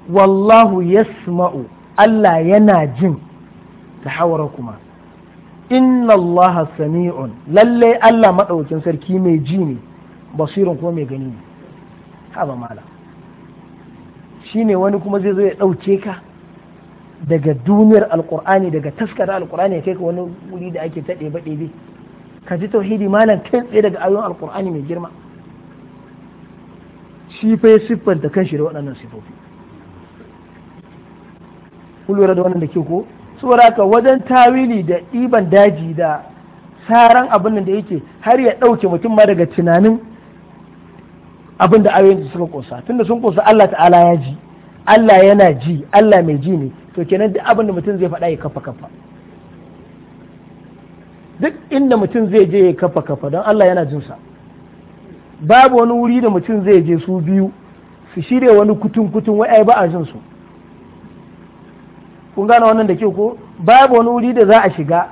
wallahu yasma'u Allah yana jin ta hawara kuma inna Allah sami'un lallai Allah maɗaukin sarki mai ji ne basirin kuma mai gani ne haba malam shine wani kuma zai zo ya ɗauke ka daga duniyar alkur'ani daga taskar alkur'ani ya kai ka wani wuri da ake taɗe ba ɗebe ka ji tauhidi malam kai tsaye daga ayoyin alkur'ani mai girma shi fa ya siffanta kanshi da waɗannan sifofi kun da wannan da ke ko saboda haka wajen tawili da ɗiban daji da saran abin da yake har ya ɗauke mutum ma daga tunanin abin da ayoyin da suka kosa tunda sun kosa Allah ta'ala ya ji Allah yana ji Allah mai ji ne to kenan duk abin da mutum zai faɗa ya kafa kafa duk inda mutum zai je ya kafa kafa don Allah yana jinsa babu wani wuri da mutum zai je su biyu su shirya wani kutun kutun wai ba a jin su kun gane wannan da ke ko babu wani wuri da za a shiga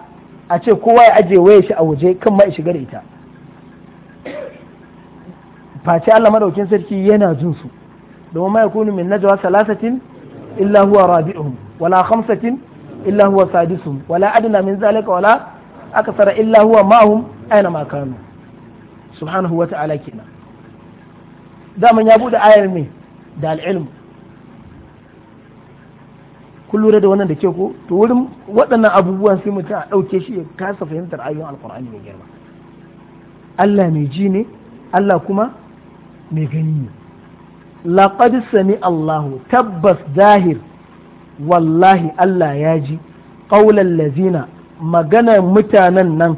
a ce kowa ya aje waya shi a waje kan ma shiga da ita face Allah madaukin sarki yana jin su domin ma yakunu min najwa salasatin illa huwa rabi'uhum wala khamsatin illa huwa sadisuhum wala adna min zalika wala akthara illa huwa ma'hum aina ma kanu subhanahu wa ta'ala kenan daman ya bude ayar ne da al'ilm kun lura da wannan da ke ko to wurin waɗannan abubuwan sai mutum a ɗauke shi ya kasa fahimtar ayoyin alkur'ani mai girma Allah mai ji ne Allah kuma mai gani laqad sami Allahu tabbas zahir wallahi Allah ya ji ƙaular lazina maganar mutanen nan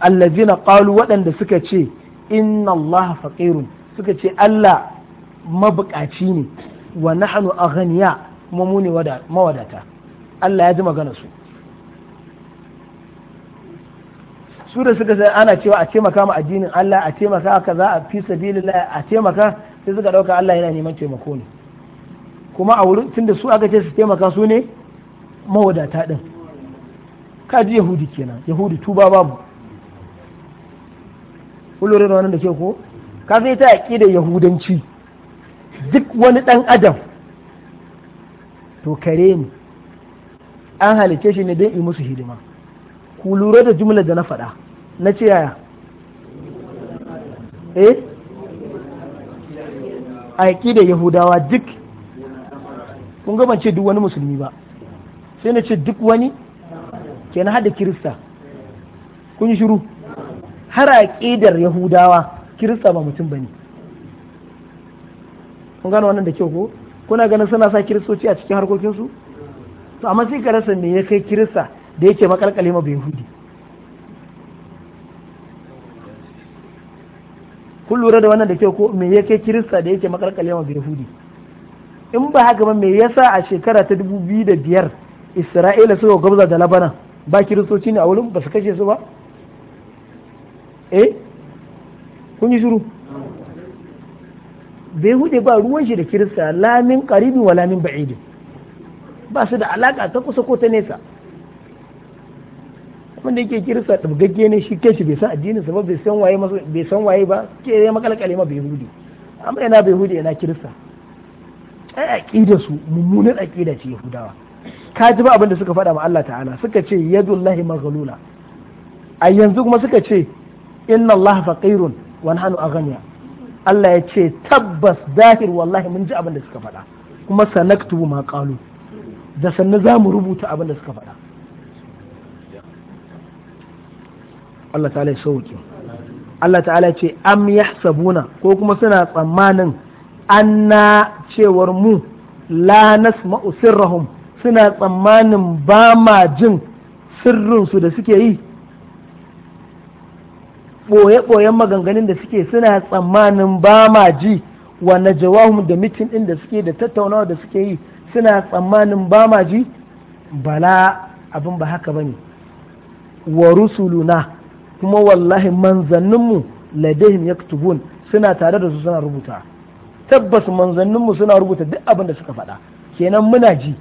allazina ƙalu waɗanda suka ce inna Allah faqirun suka ce Allah mabukaci ne wa nahnu aghniya kuma mu ne mawadata Allah ya ji maganar su su da suka sai ana cewa a taimaka ma addinin Allah a taimaka kaza a fi sabilillah a taimaka sai suka dauka Allah yana neman taimako ne kuma a wurin tunda su aka ce su taimaka su ne mawadata din ji yahudi kenan yahudi tuba babu kullure da wannan da ke ko ka sai ta aqida yahudanci duk wani dan adam to kare ni. an halice shi ne don yi musu hidima ku lura da jumlar da na faɗa na ce yaya eh a da yahudawa duk kun ga ce duk wani musulmi ba sai na ce duk wani ke na hada kirista kun yi shiru har a ƙidar yahudawa kirista ba mutum ba ne kun gano wannan da kyau ko kuna ganin suna sa kiristoci a cikin harkokinsu to amma sai ka rasa me ya kai kirista da yake makalkale ma bai hudi kun lura da wannan da ke ko me yake kirista da yake makalkale ma bai hudi in ba haka ba me yasa a shekara ta dubu biyu da biyar isra'ila suka gwabza da labanan ba kiristoci ne a wurin ba su kashe su ba eh kun yi shiru bai hude ba ruwan shi da kirista lamin karibin wa lamin ba'idin ba su da alaka ta kusa ko ta nesa wanda yake kirista ɗabgagge ne shi kai shi bai san addinin sa ba bai san waye bai san waye ba ke ya makalkale ma bai amma ina bai ina kirista ai aqida su mummunan aqida ce yahudawa ka ji ba abin da suka faɗa ma Allah ta'ala suka ce yadullahi maghlula a yanzu kuma suka ce inna Allah faqirun wa nahnu aghniya Allah ya ce tabbas zahir wallahi mun ji abin da suka faɗa kuma sanaktubu ma qalu da sannan za mu rubuta abin da suka faɗa Allah ta'ala ya sauke Allah ta'ala ce am yahsabuna ko kuma suna tsammanin anna cewar mu la nasma'u sirrahum suna tsammanin ba ma jin sirrinsu da suke yi ɓoye-ɓoyen maganganun da suke suna tsammanin ba ma ji wa najawahum da mitin din da suke da tattaunawa da suke yi suna tsammanin ba ma ji bala abin ba haka bane wa rusuluna kuma wallahi manzanninmu ladehim yaktubun suna tare da su suna rubuta tabbas manzanninmu suna rubuta duk abin da suka faɗa kenan muna ji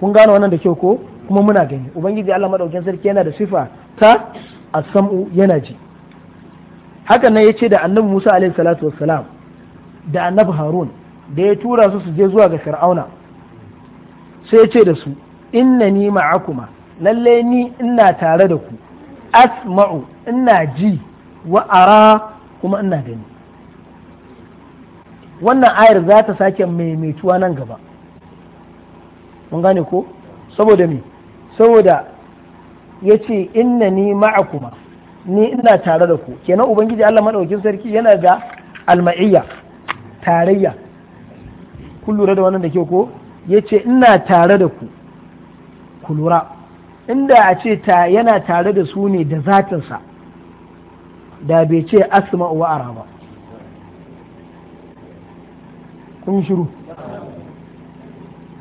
kun gano wannan da kyau ko kuma muna gani ubangiji Allah madaukakin sarki yana da sifa ta a samu yana ji hakan nan yace da annabi Musa alaihi salatu wassalam da annabi Harun da ya tura su su je zuwa ga Fir'auna sai ya ce da su innani ma'akuma lalle ni ina tare da ku asma'u ina ji wa ara kuma ina gani wannan ayar za ta sake maimaituwa nan gaba mun gane ko saboda me saboda ya ce inna ni ma'akuma ni ina tare da ku kenan ubangiji Allah maɗaukin sarki yana ga alma'iyya tarayya kun lura da wannan da ke ko ya ce ina tare da ku ku lura inda a ce ta yana tare da su ne da zatinsa da bai ce asma wa ara ba kun shiru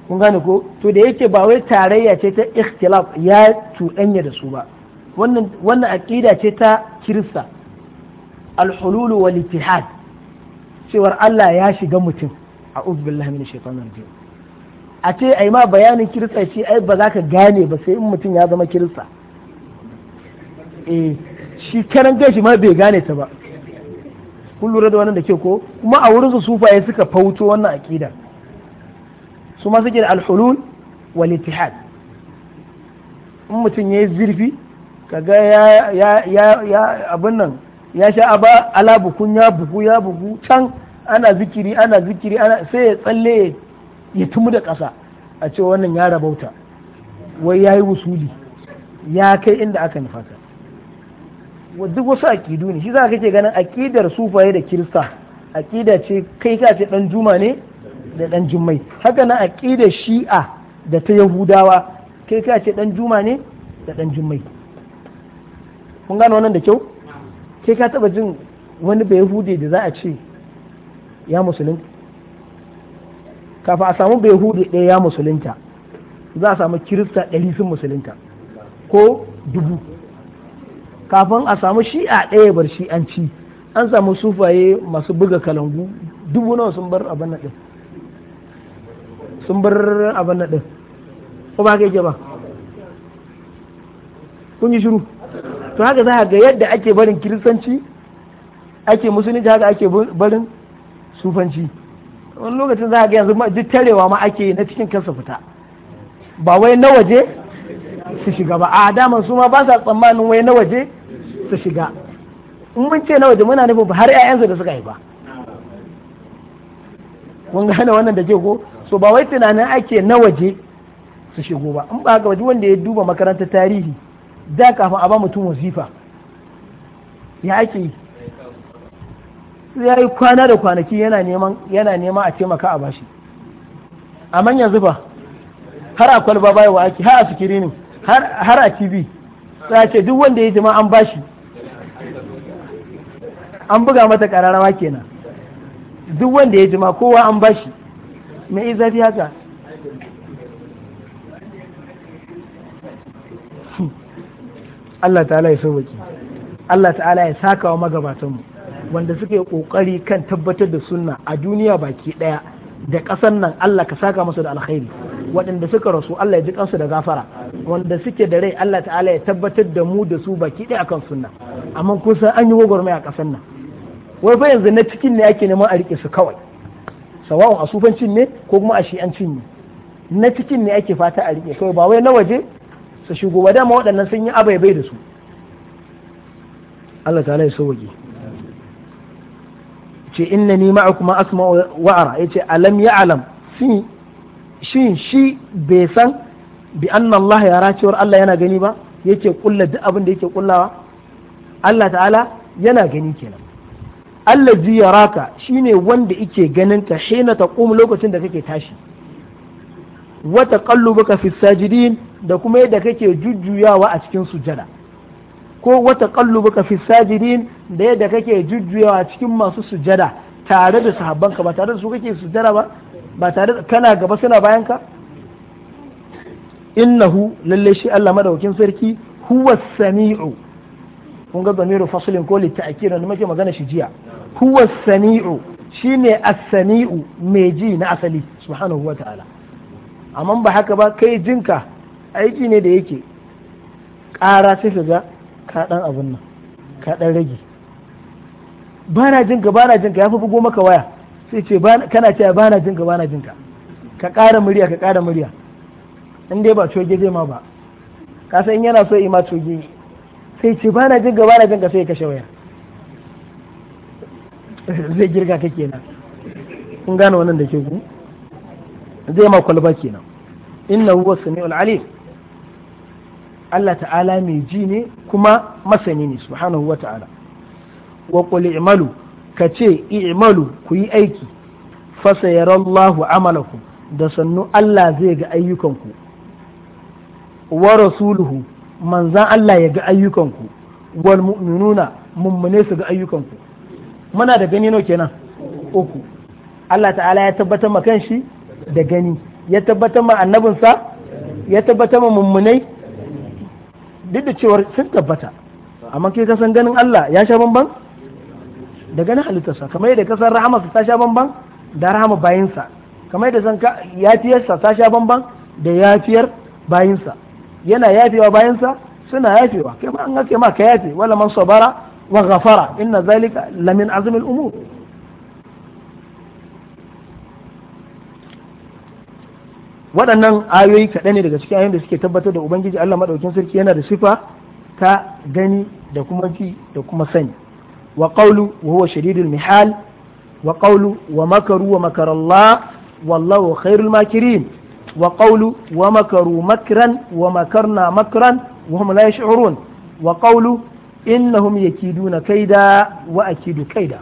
kun gane ko to da yake ba wai tarayya ce ta ikhtilaf ya cuɗanya da su ba wannan aƙida ce ta kirista al-hulul wal ittihad cewar Allah ya shiga mutum a'udhu billahi minash shaitanir rajim a ce ai ma bayanin kirista ce ai ba za ka gane ba sai in mutum ya zama kirista eh shi karan gashi ma bai gane ta ba kun lura da wannan da ke ko kuma a wurin su sufaye suka fauto wannan akida su ma suke da alhulul wal ittihad in mutum yayi zirfi kaga ya ya abin nan ya sha aba ala bukun ya bugu ya bugu can ana zikiri ana zikiri ana sai ya tsalle ya tumu da ƙasa a ce wannan ya rabauta wai ya yi wusuli ya kai inda aka nufa ka duk wasu aƙidu ne shi za ka ke ganin aƙidar sufaye da kirista aƙida ce kai ka ce ɗan juma ne da ɗan jummai haka na aƙidar shi'a da ta yahudawa kai ka ce ɗan juma ne da ɗan jummai kun gano wannan da kyau kai ka taɓa jin wani bai hude da za a ce ya musulunci kafa a samu bai hudu ɗaya ya musulunta za a samu kirista ɗari sun musulunta ko dubu kafin a samu shi'a ɗaya bar shi'anci an samu sufaye masu buga kalangu dubu nawa sun bar abin naɗin sun bar abin ɗin ko ba ka yi ba kun yi shiru to haka za ga yadda ake barin kiristanci ake musulunci haka ake barin sufanci wani lokacin za a ga yanzu duk tarewa ma ake na cikin kansa fita ba wai na waje su shiga ba a daman su ma ba sa tsammanin wai na waje su shiga in mun ce na waje muna nufin har ƴaƴansu da suka yi ba kun gane wannan da ke ko so ba wai tunanin ake na waje su shigo ba in ba haka waje wanda ya duba makarantar tarihi da kafin a ba mutum wazifa ya ake yi ya yi kwana da kwanaki yana neman nema a taimaka a bashi a manyan zuba har a kwalba bayan wa ake har a sikirinin har a tv sai ce duk wanda ya jima an bashi an buga mata kararrawa kenan duk wanda ya jima kowa an bashi me zafi haka Allah ta'ala ya so Allah ta'ala ya saka wa magabatanmu wanda suka yi kokari kan tabbatar da sunna a duniya baki daya da kasan nan Allah ka saka musu da alkhairi waɗanda suka rasu Allah ya ji kansu da gafara wanda suke da rai Allah ta'ala ya tabbatar da mu da su baki daya akan sunna amma kun san an yi mai a kasan nan wai fa yanzu na cikin ne ake neman a rike su kawai sawa'un a sufancin ne ko kuma a shi'ancin ne na cikin ne ake fata a rike kawai ba wai na waje su shigo ba dama waɗannan sun yi bai da su Allah ta'ala ya sauwaje ce inna ni kuma asma wa ara yace alam alam shi shin shi bai san bi anna Allah ya cewar Allah yana gani ba yake kulla duk abin da yake kullawa Allah ta'ala yana gani kenan Allah ji shi shine wanda yake ganin ka hina ta kuma lokacin da kake tashi wa taqallubuka fi sajidin da kuma yadda kake jujjuyawa a cikin sujada ko wata qallubuka fi sajidin da yadda kake jujjuyawa cikin masu sujada tare da sahabbanka ba tare da su kake sujada ba ba tare da kana gaba suna bayan ka innahu lalle shi Allah madaukin sarki huwa sami'u kun ga zamiru faslin ko li ne muke magana shi jiya huwa sami'u shine as-sami'u mai ji na asali subhanahu wata'ala ta'ala amma ba haka ba kai jinka aiki ne da yake ƙara sai ga ka abin abun nan ka rage ba na jin ka ba na jin ka ya fi bugo maka waya sai ce kana cewa ba na jin ka ba na jin ka ka ƙara murya ka ƙara murya in dai ba coge zai ma ba ka san yana so ima coge sai ce ba na jin ka ba na jin ka sai ya kashe waya zai girka ka kenan kun gane wannan da ke ku zai ma kwalba kenan inna huwa samiul alim Allah ta'ala mai ji ne kuma masani ne subhanahu wa ta'ala wa qul i'malu ka ce i'malu ku yi aiki fa sayarallahu amalakum da sannu Allah zai ga ayyukanku wa rasuluhu manzan Allah ya ga ayyukanku wal mu'minuna mummune su ga ayyukanku muna da gani nawa kenan uku Allah ta'ala ya tabbatar ma kanshi da gani ya tabbatar ma annabinsa ya tabbatar ma mummunai duk da cewar sun tabbata amma ke kasan ganin Allah ya sha bamban da ganin halittarsa kamar yadda kasan rahamarsa ta sha bamban da rahama bayinsa kamar yadda san yafiyarsa ta sha bamban da yafiyar bayinsa yana yafewa bayinsa suna yafewa kai ma an ga kai ma ka yafe wala man sabara wa ghafara inna zalika lamin azmil umur waɗannan ayoyi kaɗan ne daga cikin ayoyin da suke tabbatar da ubangiji Allah madaukin sarki yana da sifa ta gani da kuma ji da kuma sani wa ƙaulu wa huwa shadidul mihal wa ƙaulu wa makaru wa makara wallahu khairul makirin wa ƙaulu wa makaru makran wa makarna makran wa hum la yash'urun wa qawlu innahum yakiduna kaida wa akidu kaida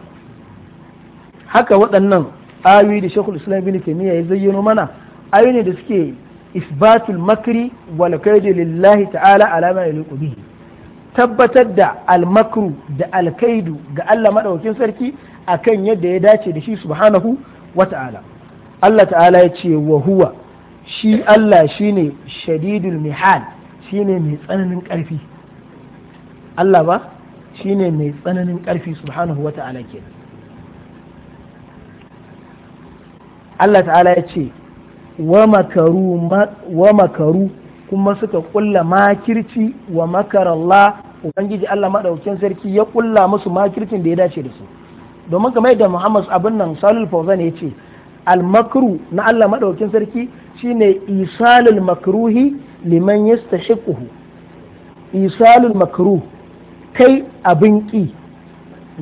haka waɗannan ayoyi da shekul Islam Ibn Taymiyyah ya zayyano mana ayoyi da suke isbatul makri wal kaidu lillahi ta'ala alama ya bihi tabbatar da Al-Makru da Al-Kaidu ga Allah madaukakin sarki akan yadda ya dace da shi subhanahu wa ta'ala Allah ta'ala ya ce wa huwa shi Allah shine shadidul mihal shine mai tsananin ƙarfi Allah ba shine mai tsananin ƙarfi subhanahu wa ta'ala kenan Allah ta'ala ya ce wa makaru kuma suka kulla makirci wa makaralla ubangiji Allah maɗaukin sarki ya kulla musu makircin da ya dace da su domin kamar yadda Muhammad abin nan Salul Fawzan ya ce al na Allah maɗaukin sarki shine isalul makruhi liman yastahiquhu isalul makruh kai abin ki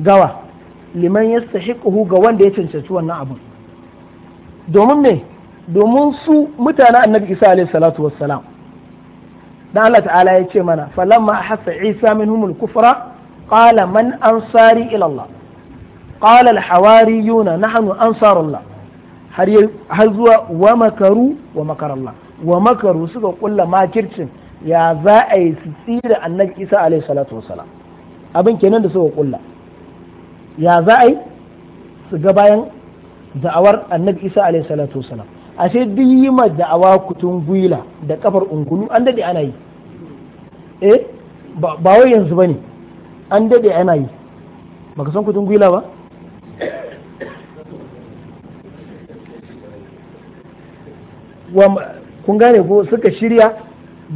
gawa liman yastahiquhu ga wanda ya cancanci wannan abin domin me domin su mutanen annabi isa alaihi salatu wassalam dan Allah ta'ala ya ce mana falamma hasa isa minhumul kufra qala man ansari ila Allah qala al hawariyuna nahnu ansarullah har har zuwa wa makaru wa makarallah wa makaru suka kulla makircin ya za a yi su tsira annabi isa alaihi salatu wassalam abin kenan da suka kulla ya za a yi su ga bayan da'awar annabi isa alaihi salatu wassalam sai duk yi ma da'awa kutun gwila da kafar ungulu an dade ana yi eh ba wai yanzu bane an dade ana yi baka san kutun gwila ba kun gane ko suka shirya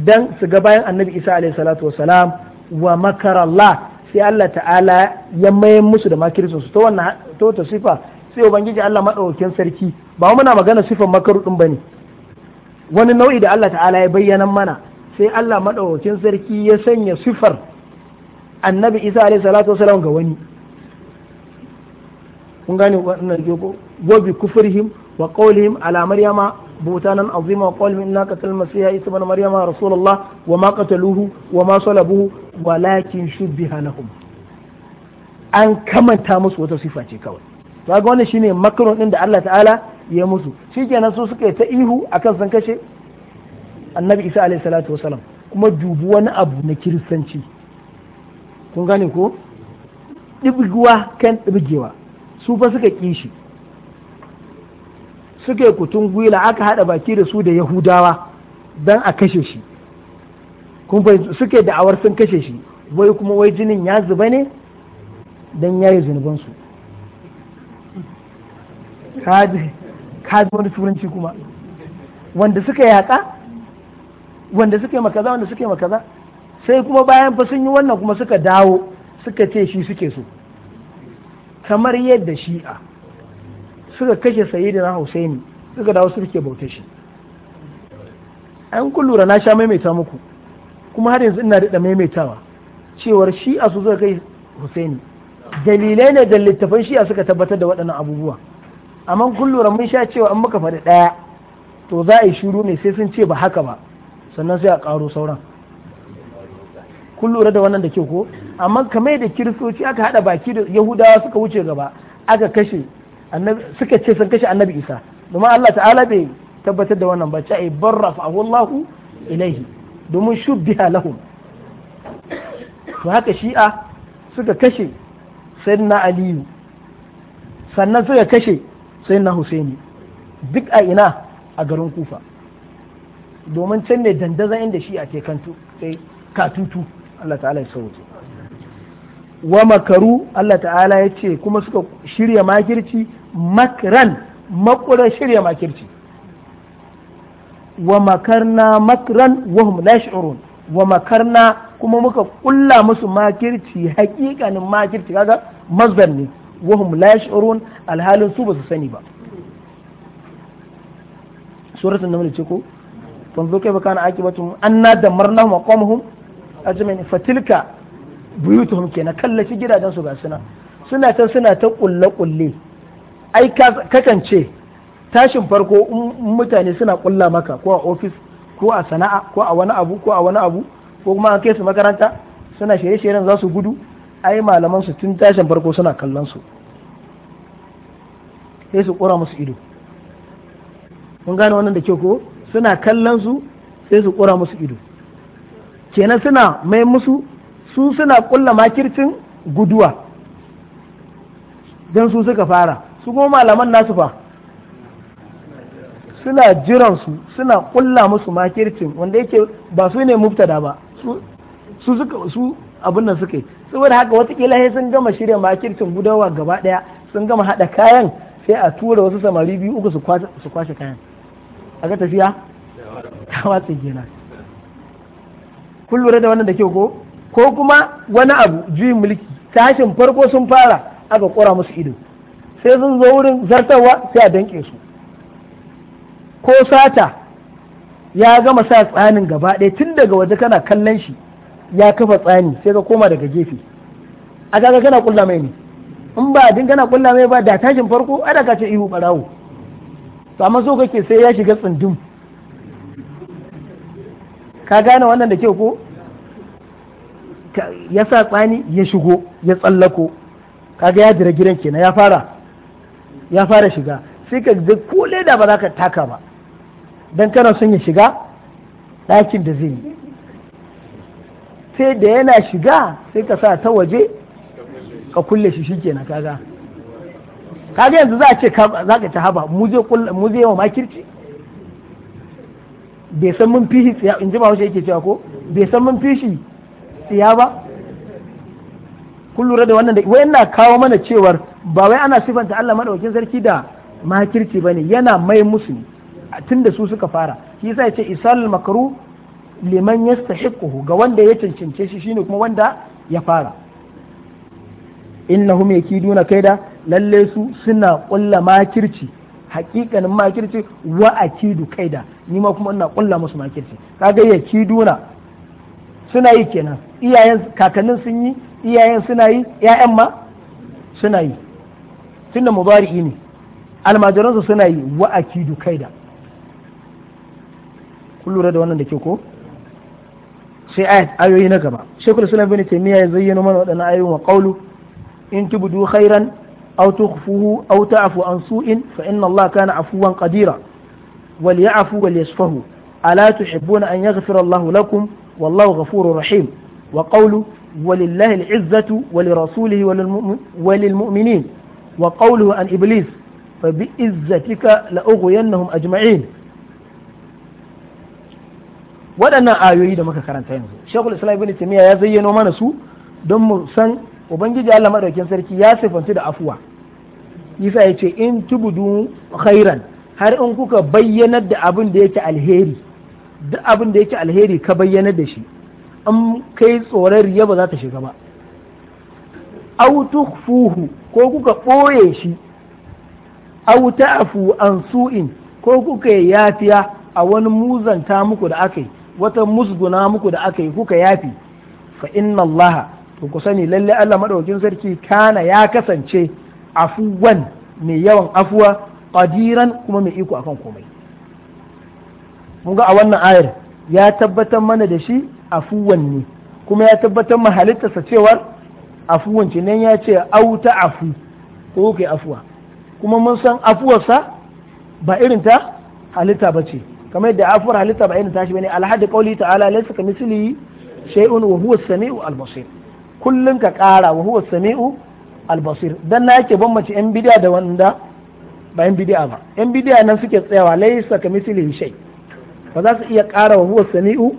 dan su ga bayan annabi isa alaihi salatu salam wa makarallah sai Allah ta'ala ya mayar musu da makirsu su ta wannan ta sifa sai ubangiji Allah maɗaukakin sarki ba muna magana sifan makarudin ba ne? wani nau'i da Allah ta'ala ya bayyana mana sai Allah maɗaukakin sarki ya sanya sifar annabi Isa alaihi salatu wasalam ga wani kun gane wannan jogo wa bi wa qawlihim ala maryama بهتانا عظيما وقال من إنا قتل المسيح عيسى بن مريم رسول wa ma sola buhu, wa lakin شبه لهم an kamanta musu wata sifa ce kawai to ga wannan shine makaron din da Allah ta'ala ya musu shikenan su suka ta ihu akan san kashe annabi isa alayhi salatu wasalam kuma dubu wani abu na kiristanci kun gane ko ɗibguwa kan ɗibgewa su fa suka kishi shi kutun gwila aka haɗa baki da su da yahudawa don a kashe shi kun suka suke da'awar sun kashe shi wai kuma wai jinin ya zuba ne dan ya yi zunubansu kaji kaji wani turanci kuma wanda suka yaƙa wanda suka yi makaza wanda suka yi makaza sai kuma bayan fa sun yi wannan kuma suka dawo suka ce shi suke so kamar yadda shi'a suka kashe na Husaini suka dawo ke bauta shi an kullura lura na sha maimaita muku kuma har yanzu ina da maimaitawa cewar shi'a su suka kai Husaini dalilai ne da littafan shi'a suka tabbatar da waɗannan abubuwa amma kun lura mun sha cewa an muka faɗi ɗaya to za a yi shiru ne sai sun ce ba haka ba sannan sai a ƙaro sauran kun lura da wannan da ke ko amma kamar da kiristoci aka haɗa baki da yahudawa suka wuce gaba aka kashe suka ce sun kashe annabi isa domin allah ta'ala bai tabbatar da wannan ba ce barrafa allahu ilaihi domin shubbiha lahum to haka shi'a suka kashe sayyidina aliyu sannan suka kashe sai na husaini duk a ina a garin kufa domin can ne dandazon inda shi a ke kantu sai katutu Allah ta'ala ya wa makaru Allah ta'ala ya ce kuma suka shirya makirci makran makura shirya makirci wa makarna makran wa hum la wa makarna kuma muka kulla musu makirci hakikanin makirci kaga mazdan ne wahum la yash'urun alhalin su ba su sani ba suratul naml ce ko fanzo kai baka na akibatu anna damarna wa qawmuhum ajmain fatilka buyutuhum kenan kallaci gidajen su ga suna suna ta suna ta kulle kulle ai kakance tashin farko mutane suna kulla maka ko a ofis ko a sana'a ko a wani abu ko a wani abu ko kuma an kai su makaranta suna shirye-shiryen za su gudu ai malaman su tun tashin farko suna kallon su sai su kura musu ido kun gane wannan da kyau ko suna kallon su sai su kura musu ido kenan suna mai musu su suna kulla makircin guduwa don su suka fara su kuma malaman nasu fa suna jiran su suna kulla musu makircin wanda yake ba su ne muftada ba su suka su abin nan suka yi saboda haka watakila sai sun gama shirya makircin gudawa gaba daya sun gama hada kayan sai a tura wasu samari biyu uku su kwashe kayan a ga tafiya ta watsa gina kun lura da wannan da kyau ko ko kuma wani abu juyin mulki tashin farko sun fara aka kora musu ido sai sun zo wurin zartarwa sai a danke su ko sata ya gama sa tsanin gaba ɗaya tun daga waje kana kallon shi ya kafa tsani sai ka koma daga gefe a kaga kana kulla mai ne in ba din kana kulla mai ba da tashin farko a ka ce ihu barawo to amma so kake sai ya shiga tsundum ka gane wannan da ke ko ya sa tsani ya shigo ya tsallako kaga ya jira gidan kenan ya fara ya fara shiga sai ka ga ko leda ba za ka taka ba dan kana son ya shiga ɗakin da zai yi sai da yana shiga sai ka sa ta waje ka kulle shi shikenan kaga kaga yanzu za a ce za ka ta haba mu zai wa makirci bai san mun fishi tsiya in ji bahaushe yake cewa ko bai san mun fishi tsiya ba kun lura da wannan da wai ina kawo mana cewar ba wai ana sifanta Allah madaukakin sarki da makirci bane yana mai musu tunda su suka fara shi yasa yace isal makruh liman yasta hikuhu ga wanda ya cancance shi shine kuma wanda ya fara innahum yakiduna kaida lalle su suna kulla makirci hakikanin makirci wa akidu kaida ni ma kuma ina kulla musu makirci kaga yakiduna suna yi kenan iyayen kakannin sun yi iyayen suna yi ƴaƴan ma suna yi tunda mubari'i ne almajiransu suna yi wa akidu kaida kun lura da wannan da ke ko sai ayat ayoyi na gaba shekul islam bin taymiya ya zayyano mana waɗannan ayoyin wa qawlu in tubdu khairan aw tukhfuhu aw ta'fu an su'in fa inna allaha kana afuwan qadira wal ya'fu wal yasfahu ala tuhibbuna an yaghfira allahu lakum wallahu ghafurur rahim wa qawlu ولله العزة ولرسوله وللمؤمنين وقوله عن إبليس فبإزتك لأغوينهم أجمعين waɗannan ayoyi da muka karanta yanzu shekul islam ibn ya zayyano mana su don mu san ubangiji Allah maɗaukin sarki ya sifanci da afuwa yasa ya ce in tubudu khairan har in kuka bayyanar da abin da yake alheri duk abin da yake alheri ka bayyanar da shi in kai tsoron riya ba za ta shiga ba aw ko kuka ɓoye shi aw afu an su'in ko kuka yafiya a wani muzanta muku da aka yi wata musguna muku da aka yi kuka yafi fa inna Allah to ku sani lalle Allah madaukakin sarki kana ya kasance afuwan mai yawan afuwa qadiran kuma mai iko akan komai mun ga a wannan ayar ya tabbatar mana da shi afuwan ne kuma ya tabbatar ma halittarsa cewar afuwan ce nan ya ce auta afu ko kai afuwa kuma mun san afuwarsa ba irin ta halitta ba ce kamar yadda afur halitta ba irin tashi bane alhadi qauli ta'ala laysa kamithlihi shay'un wa huwa as-sami'u al-basir kullun ka ƙara wa huwa as-sami'u al-basir dan na yake bambance yan bidiya da wanda ba yan bidiya ba yan bidiya nan suke tsayawa laysa kamithlihi shay ba za su iya ƙara wa huwa as-sami'u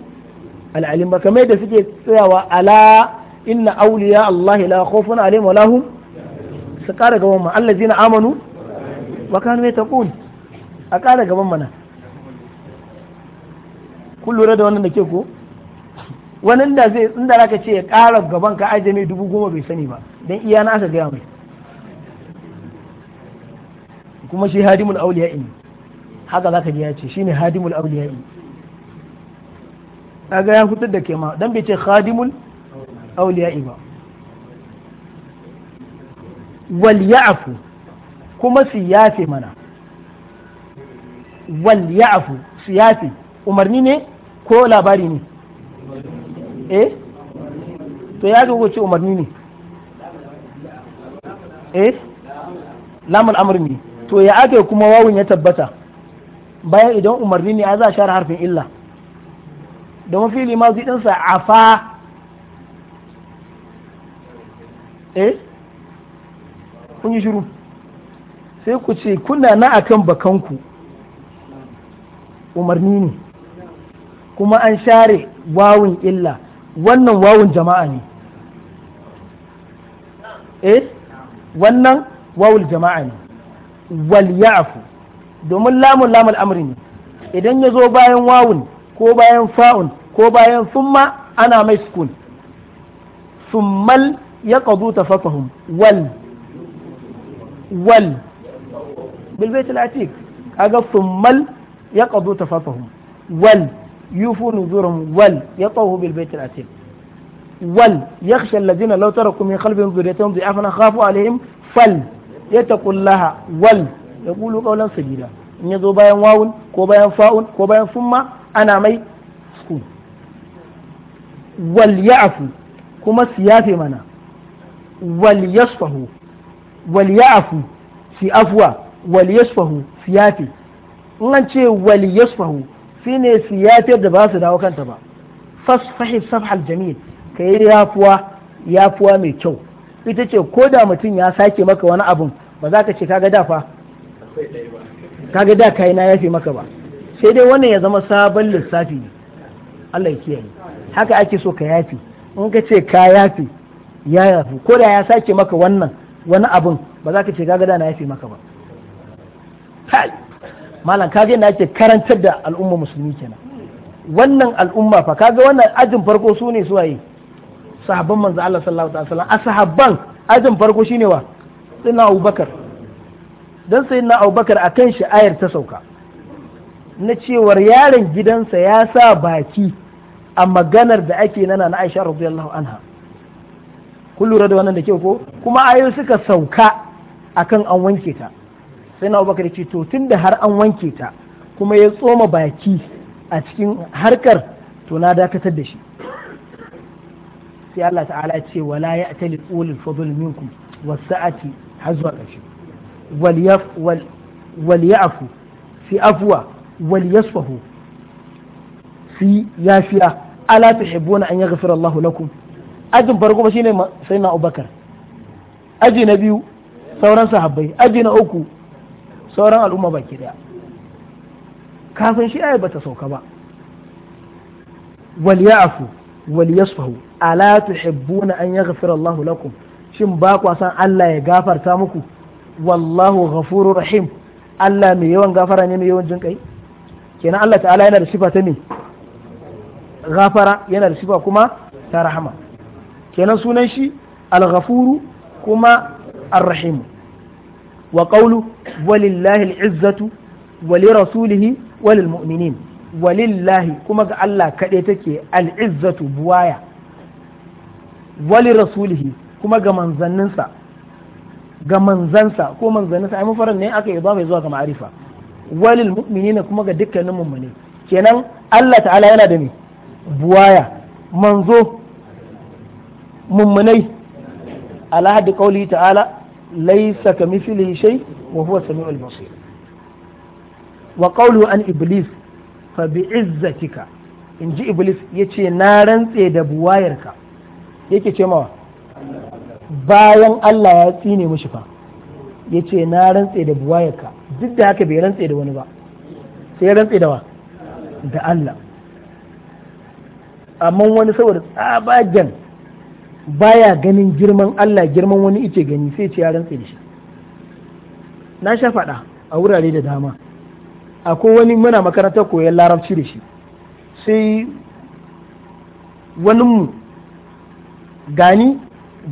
al-alim ba kamar yadda suke tsayawa ala inna awliya Allah la khawfun alaihim wa lahum su ƙara gaban ma allazina amanu wa kanu yataqun a kara gaban mana kun lura da wannan da ke ko wannan da zai inda zaka ce ya ƙara gaban ka ajami dubu goma bai sani ba dan iya na aka gaya mai kuma shi hadimul auliya'i haka zaka ji ya ce shine hadimul auliya'i kaga ya fitar da kema dan bai ce khadimul auliya'i ba wal ya'fu kuma su yafe mana wal ya'fu su yafe umarni ne ko labari ne eh to ya ga ce umarni ne eh lamun amr to ya aka kuma wawun ya tabbata bayan idan umarni ne a za a share harfin illa domin fili ma zai a fa eh kun yi shiru sai ku ce kuna na akan bakanku umarni ne kuma an share wawun illa wannan wawun jama'a ne eh wannan wawul jama'a ne wal ya'fu domin lamun lamul amri ne idan ya zo bayan wawun ko bayan fa'un ko bayan summa ana mai sukun summal ya ƙazu ta fasahun wal wal bilbaitul atik aga summal ya ƙazu wal yufu nuzurum wal yatawu bil baitil atim wal yakhsha alladhina law taraku min khalfihim dhurriyatan dha'afan khafu alaihim fal yattaqullaha wal yaqulu qawlan sadida in yazo bayan wawun ko bayan fa'un ko bayan summa ana mai sukun wal ya'fu kuma siyafe mana wal yasfahu wal ya'fu si afwa wal in an ce wal ne siyatar da ba su dawo kanta ba fasfahi safhal jamil ka yi yafuwa yafuwa mai kyau ita ce ko da mutum ya sake maka wani abun ba za ka ce kaga da fa kaga da kai na yafe maka ba sai dai wannan ya zama sabon lissafi ne Allah ya kiyaye haka ake so ka yafe in ka ce ka yafe ya yafi ko da ya sake maka wannan wani abun ba za ka ce kaga da na yafe maka ba malam kaje na ake karantar da al'umma musulmi kenan wannan al'umma fa kaga wannan ajin farko su ne suwaye sahabban manzo Allah sallallahu alaihi wasallam ashabban ajin farko shine wa sayyidina Abubakar dan sayyidina Abubakar akan shi ayar ta sauka na cewar yaron gidansa ya sa baki a maganar da ake nana na Aisha radiyallahu anha kun lura da wannan da kyau ko kuma ayoyi suka sauka akan an wanke ta sai na abubakar ce to tun da har an wanke ta kuma ya tsoma baki a cikin harkar to na dakatar da shi sai Allah ta'ala ce wala ya atali ulul fadl minkum wasa'ati har zuwa ƙarshe wal yaf wal ya'fu fi afwa wal yasfahu fi yafiya ala tuhibbuna an yaghfira Allah lakum ajin farko ba sai sayyidina Abubakar aji na biyu sauran sahabbai aji na uku sauran al'umma baki daya kafin shi ayar bata sauka ba wal ya'fu wal yasfahu ala tuhibbuna an yaghfira Allah lakum shin ba kwa san Allah ya gafarta muku wallahu ghafurur rahim Allah mai yawan gafara ne mai yawan jin kai kenan Allah ta'ala yana da sifa ta me gafara yana da sifa kuma ta rahama kenan sunan shi al-ghafuru kuma ar-rahimu wa kaulu walillahi al'izzatu wa lirasulihi wa lilmu'minin walillahi kuma ga Allah kaɗai take al'izzatu buwaya wa lirasulihi kuma ga manzanninsa ga manzansa ko manzanninsa ai mafarar ne aka yi zafa zuwa ga ma'arifa walil mu'minina kuma ga dukkanin mummune kenan Allah ta'ala yana da me buwaya manzo mummunai ala haddi qauli ta'ala ليس كمثله شيء وهو سميع البصير وقوله basir wa فبعزتك an iblis fa bi نارن in ji iblis yace na rantse da buwayarka yake ce mawa bayan Allah ya tsine mushi fa yace na rantse da buwayarka duk da haka bai rantse da wani ba sai ya rantse da wa da Allah amma wani saboda tsabagen baya ganin girman Allah girman wani ice gani sai ce ya rantse da shi na sha faɗa a wurare da dama akwai wani muna makarantar koyon larabci da shi sai wani mu gani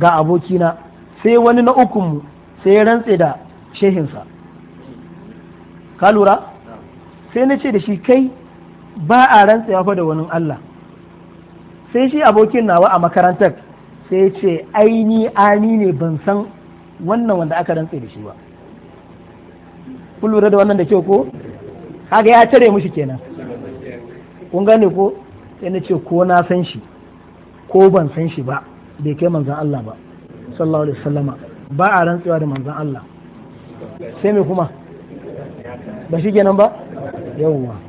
ga abokina sai wani na mu sai ya rantse da shehinsa ka lura sai na ce da shi kai ba a rantsewa fa da wani Allah sai shi abokin nawa a makarantar sai ce aini ani ne ban san wannan wanda aka rantse da shi ba kun da wannan da kyau ko kaga ya tare mushi kenan kun gane ko sai na ce ko na san shi ko ban san shi ba bai kai manzan Allah ba sallallahu alaihi wasallama ba a rantsewa da manzan Allah sai me kuma ba shi kenan ba yawwa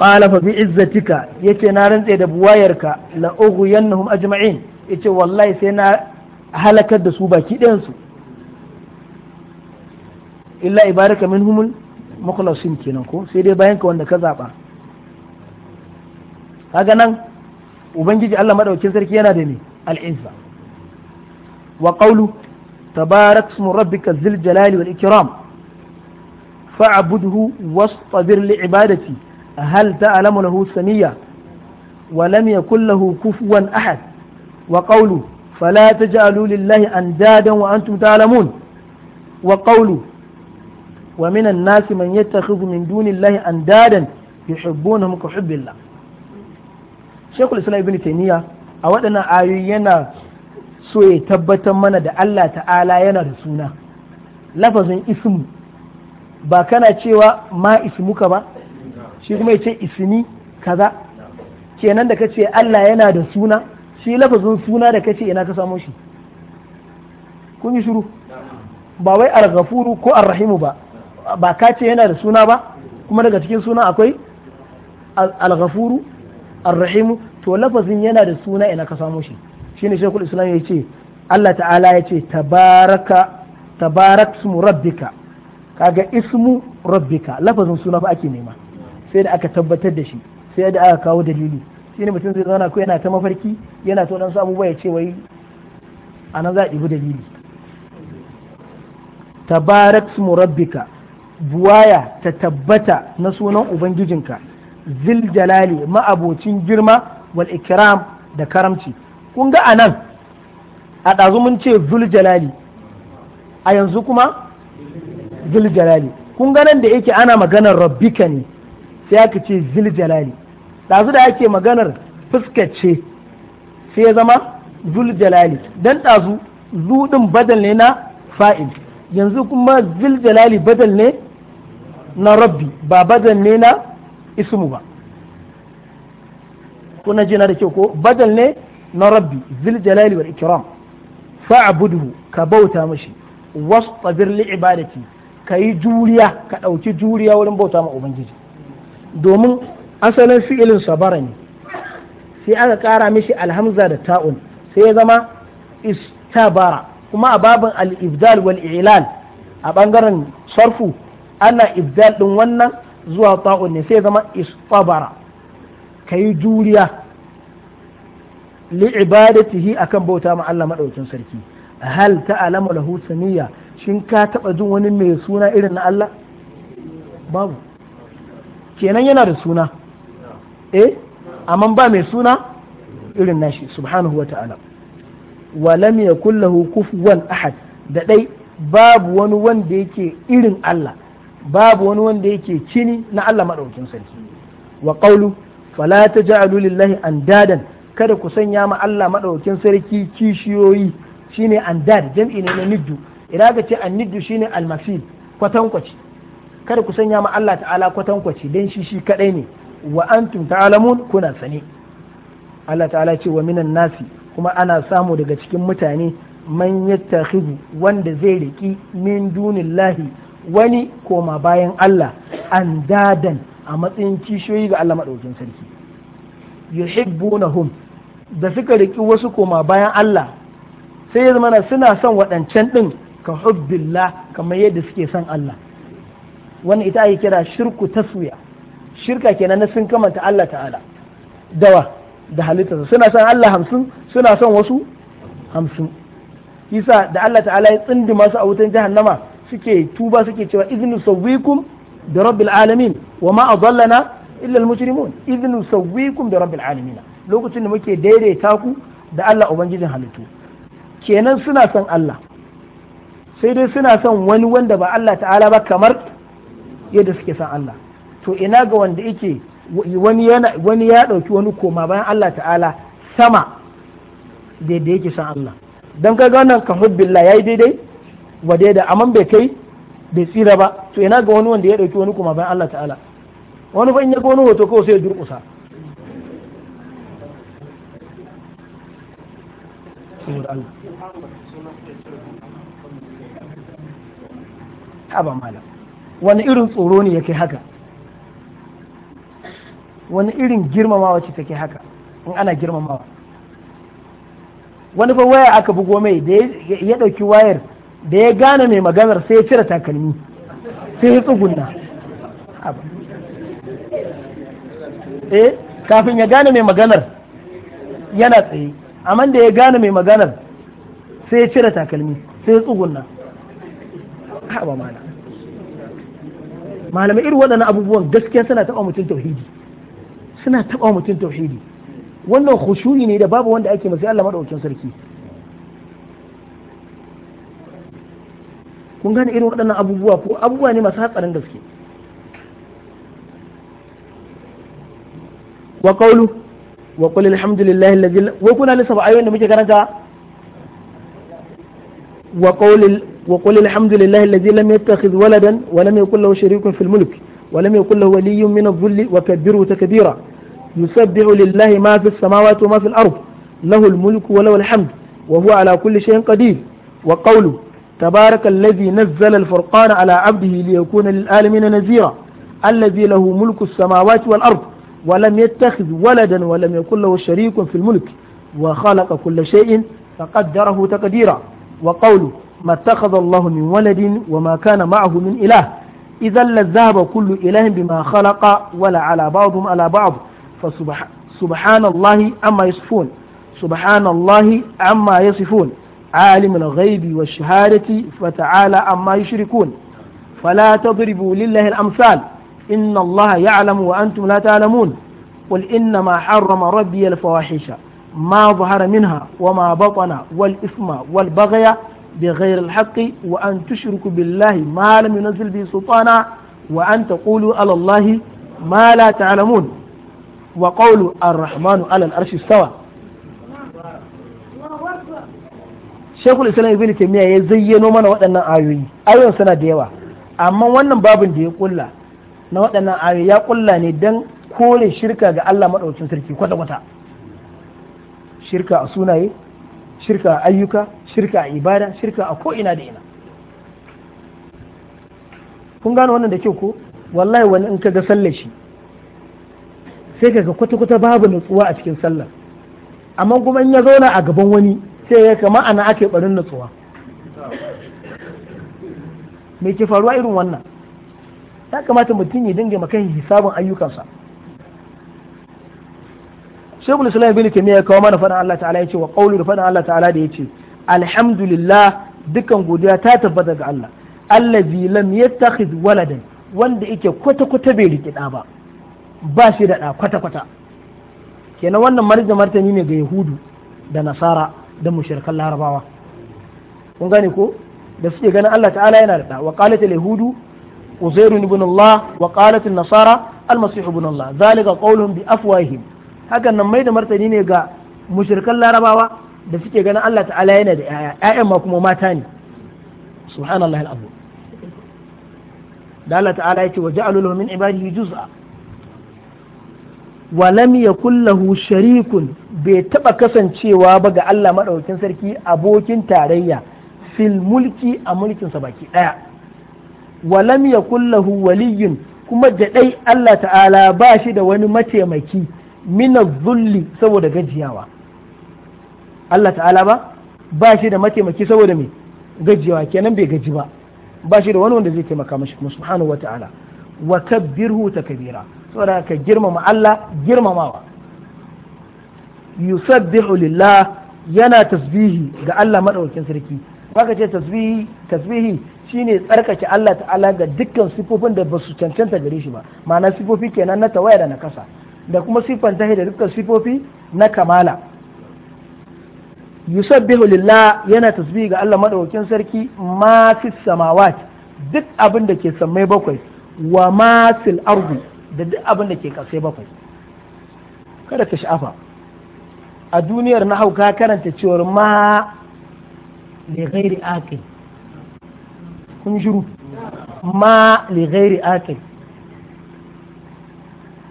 qala fa bi izzatika yace na rantse da buwayarka la ughyanhum ajma'in yace wallahi sai na halakar da su baki ɗayan su illa ibaraka minhumul mukhlasin kenan ko sai dai bayan ka wanda ka zaba kaga nan ubangiji Allah madaukakin sarki yana da ni al-izza wa qawlu tabarak ismu rabbika zil jalali wal ikram fa'budhu wastabir li ibadati هل تعلم له سميا ولم يكن له كفوا أحد وقوله فلا تجعلوا لله أندادا وأنتم تعلمون وقوله ومن الناس من يتخذ من دون الله أندادا يحبونهم كحب الله شيخ الإسلام ابن تيمية a waɗannan ayoyi yana so ya tabbatar mana da Allah ta'ala yana da suna lafazin ismu ba kana cewa ma ismuka ba shi kuma ce isini kaza kenan da kace Allah yana da suna shi lafazin suna da kace ina ka samo shi kun yi shuru ba wai al ko ar-rahimu ba ba ka ce yana da suna ba kuma daga cikin suna akwai al-ghafuru rahimu to lafazin yana da suna ina ka samo shi ne shekul islam ya ce Allah ta'ala ya ce tabaraka tabarak ismu rabbika kaga ismu rabbika lafazin suna fa ake nema sai da aka tabbatar da shi sai da aka kawo dalili shi ne mutum zai zauna ko yana ta mafarki yana ta dan samu ya ce wai a nan za a ɗibi dalili tabarak rabbika buwaya ta tabbata na sunan ubangijinka zil jalali ma'abocin girma wal ikram da karamci kun ga a a ɗazu mun ce zul jalali a yanzu kuma zul jalali kun ga nan da yake ana maganar rabbika ne sai aka ce zil jalali ɗazu da ake maganar fuskace sai ya zama zul jalali dan ɗazu zu badal ne na fa'il yanzu kuma zil jalali badal ne na rabbi ba badal ne na ismu ba kuna jina da kyau ko badal ne na rabbi zil jalali wal ikram fa'budhu ka bauta mashi wasu li ibadati kayi juriya ka ɗauki juriya wurin bauta ma ubangiji domin asalin fi'ilin sabara ne sai aka kara mishi alhamza da ta'un sai ya zama istabara kuma a babin al-ibdal wal ilal a bangaren sarfu ana ibdal din wannan zuwa ta'un ne sai ya zama istabara kai juriya li'ibadatihi akan bauta ma Allah madaukin sarki hal ta'lamu lahu saniya shin ka taba jin wani mai suna irin na Allah babu kenan yana da suna eh amma ba mai suna irin nashi subhanahu wa ta'ala wa lam yakul lahu kufuwan ahad da dai babu wani wanda yake irin Allah babu wani wanda yake cini na Allah madaukin sarki wa qawlu fala taj'alu lillahi andadan kada ku sanya ma Allah madaukin sarki kishiyoyi shine andad jam'i ne na niddu idan ka ce an niddu shine almasil kwatankwaci kada ku sanya ma Allah ta'ala kwatankwaci dan shi shi kadai ne wa antum ta'lamun kuna sani Allah ta'ala ce wa minan nasi kuma ana samu daga cikin mutane man yattakhidhu wanda zai riki min dunillahi wani koma bayan Allah andadan dadan a matsayin kishiyoyi ga Allah madaukin sarki yuhibbunahum da suka riki wasu koma bayan Allah sai ya zama suna son waɗancan ɗin ka hubbillah kamar yadda suke son Allah wannan ita ake kira shirku taswiya shirka kenan na sun kamanta Allah ta'ala dawa da halitta suna son Allah hamsin suna son wasu hamsin isa da Allah ta'ala ya tsindi masu a wutan jahannama suke tuba suke cewa idnu sawwikum da rabbil alamin wa ma adallana illa al mujrimun idnu sawwikum da rabbil alamin lokacin da muke daidaita ku da Allah ubangijin halittu kenan suna son Allah sai dai suna son wani wanda ba Allah ta'ala ba kamar yadda suke san Allah to ina ga wanda yake wani yana wani ya dauki wani koma bayan Allah ta'ala sama da yadda yake san Allah dan kaga wannan ka hubbillah yayi daidai wa daidai amma bai kai bai tsira ba to ina ga wani wanda ya dauki wani koma bayan Allah ta'ala wani fa in ya ga wani hoto kawai sai ya durkusa saboda Allah haba malam wani irin tsoro ne yake haka wani irin girmamawa ce take haka in ana girmamawa wani ba waya aka bugo mai da ya ɗauki wayar da ya gane mai maganar sai ya cire takalmi sai ya tsugunna eh kafin ya gane mai maganar yana tsaye amma da ya gane mai maganar sai ya cire takalmi sai ya tsugunna haba mana malamai irin waɗannan abubuwan gaskiya suna taɓa mutum tauhidi suna taɓa mutum tauhidi wannan khushu'i ne da babu wanda ake masu Allah madaukakin sarki kun gane irin waɗannan abubuwa ko abubuwa ne masu hatsarin gaske wa qawlu wa qul alhamdulillahi alladhi wa kuna lisaba ayoyin da muke karanta wa qawlil وقل الحمد لله الذي لم يتخذ ولدا ولم يكن له شريك في الملك ولم يكن له ولي من الذل وكبره تكبيرا يسبح لله ما في السماوات وما في الأرض له الملك وله الحمد وهو على كل شيء قدير وقوله تبارك الذي نزل الفرقان على عبده ليكون للآلمين نذيرا الذي له ملك السماوات والأرض ولم يتخذ ولدا ولم يكن له شريك في الملك وخلق كل شيء فقدره تقديرا وقوله ما اتخذ الله من ولد وما كان معه من إله إذا لذهب كل إله بما خلق ولا على بعضهم على بعض فسبحان الله عما يصفون سبحان الله عما يصفون عالم الغيب والشهادة فتعالى عما يشركون فلا تضربوا لله الأمثال إن الله يعلم وأنتم لا تعلمون قل إنما حرم ربي الفواحش ما ظهر منها وما بطن والإثم والبغي بغير الحق وأن تشركوا بالله ما لم ينزل به سلطانا وأن تقولوا على الله ما لا تعلمون وقول الرحمن على الأرش استوى shekul islam ibn taymiya ya zayyano mana waɗannan ayoyi ayoyin suna da yawa amma wannan babin da ya kulla na waɗannan ayoyi ya kulla ne dan kore shirka ga Allah madaukakin sarki kwata-kwata shirka a sunaye shirka a ayyuka shirka a ibada shirka a ko'ina da ina kun gano wannan da kyau ko wallahi wani in ka ga sallar shi sai ga kwata-kwata babu nutsuwa a cikin sallar amma kuma in ya zauna a gaban wani sai ya kama ana ake barin nutsuwa me ke faruwa irin wannan ya kamata mutum ya dinga makan hisabin ayyukansa shekul islam bin kimiyya ya kawo mana faɗin Allah ta'ala ya ce wa qawlu da Allah ta'ala da ya ce alhamdulillah dukkan godiya ta tabbata ga Allah allah bi lam yattakhidh waladan wanda yake kwata kwata bai riƙe da ba ba shi da ɗa kwata kwata kenan wannan marja martani ne ga yahudu da nasara da mushrikan larabawa kun gane ko da suke ganin Allah ta'ala yana da ɗa wa ƙalata yahudu uzairun ibn Allah wa ƙalata nasara al masih ibn Allah zalika qawluhum bi afwahihim hakan nan mai da martani ne ga mushrikan larabawa da suke ganin Allah ta'ala yana da yaya ƴaƴan ma kuma mata ne subhanallahi al'abu da Allah ta'ala yake wa min ibadihi juz'a wa lam yakul lahu sharikun bai taba kasancewa ba ga Allah madaukakin sarki abokin tarayya fil mulki a mulkinsa baki daya wa lam yakul lahu waliyyun kuma da dai Allah ta'ala ba shi da wani mataimaki mina zulli saboda gajiyawa Allah ta'ala ba ba shi da mataimaki saboda mai gajiyawa kenan bai gaji ba ba shi da wani wanda zai taimaka mashi kuma subhanahu wa ta'ala wa kabbirhu takbira saboda ka girmama Allah girmamawa yusabbihu lillah yana tasbihi ga Allah maɗaukin sarki baka ce tasbihi tasbihi shine tsarkake Allah ta'ala ga dukkan sifofin da basu cancanta gare shi ba ma'ana sifofi kenan na tawaya da na kasa da kuma siffar ta da dukkan sifofi na kamala yusabbihu lillah yana tasbihi ga Allah madaukakin sarki ma samawat duk abin da ke sammai bakwai wa ma fil da duk abin da ke kasai bakwai kada ka sha'afa a duniyar na hauka karanta cewar ma li ghairi aqil kun shiru ma li ghairi aqil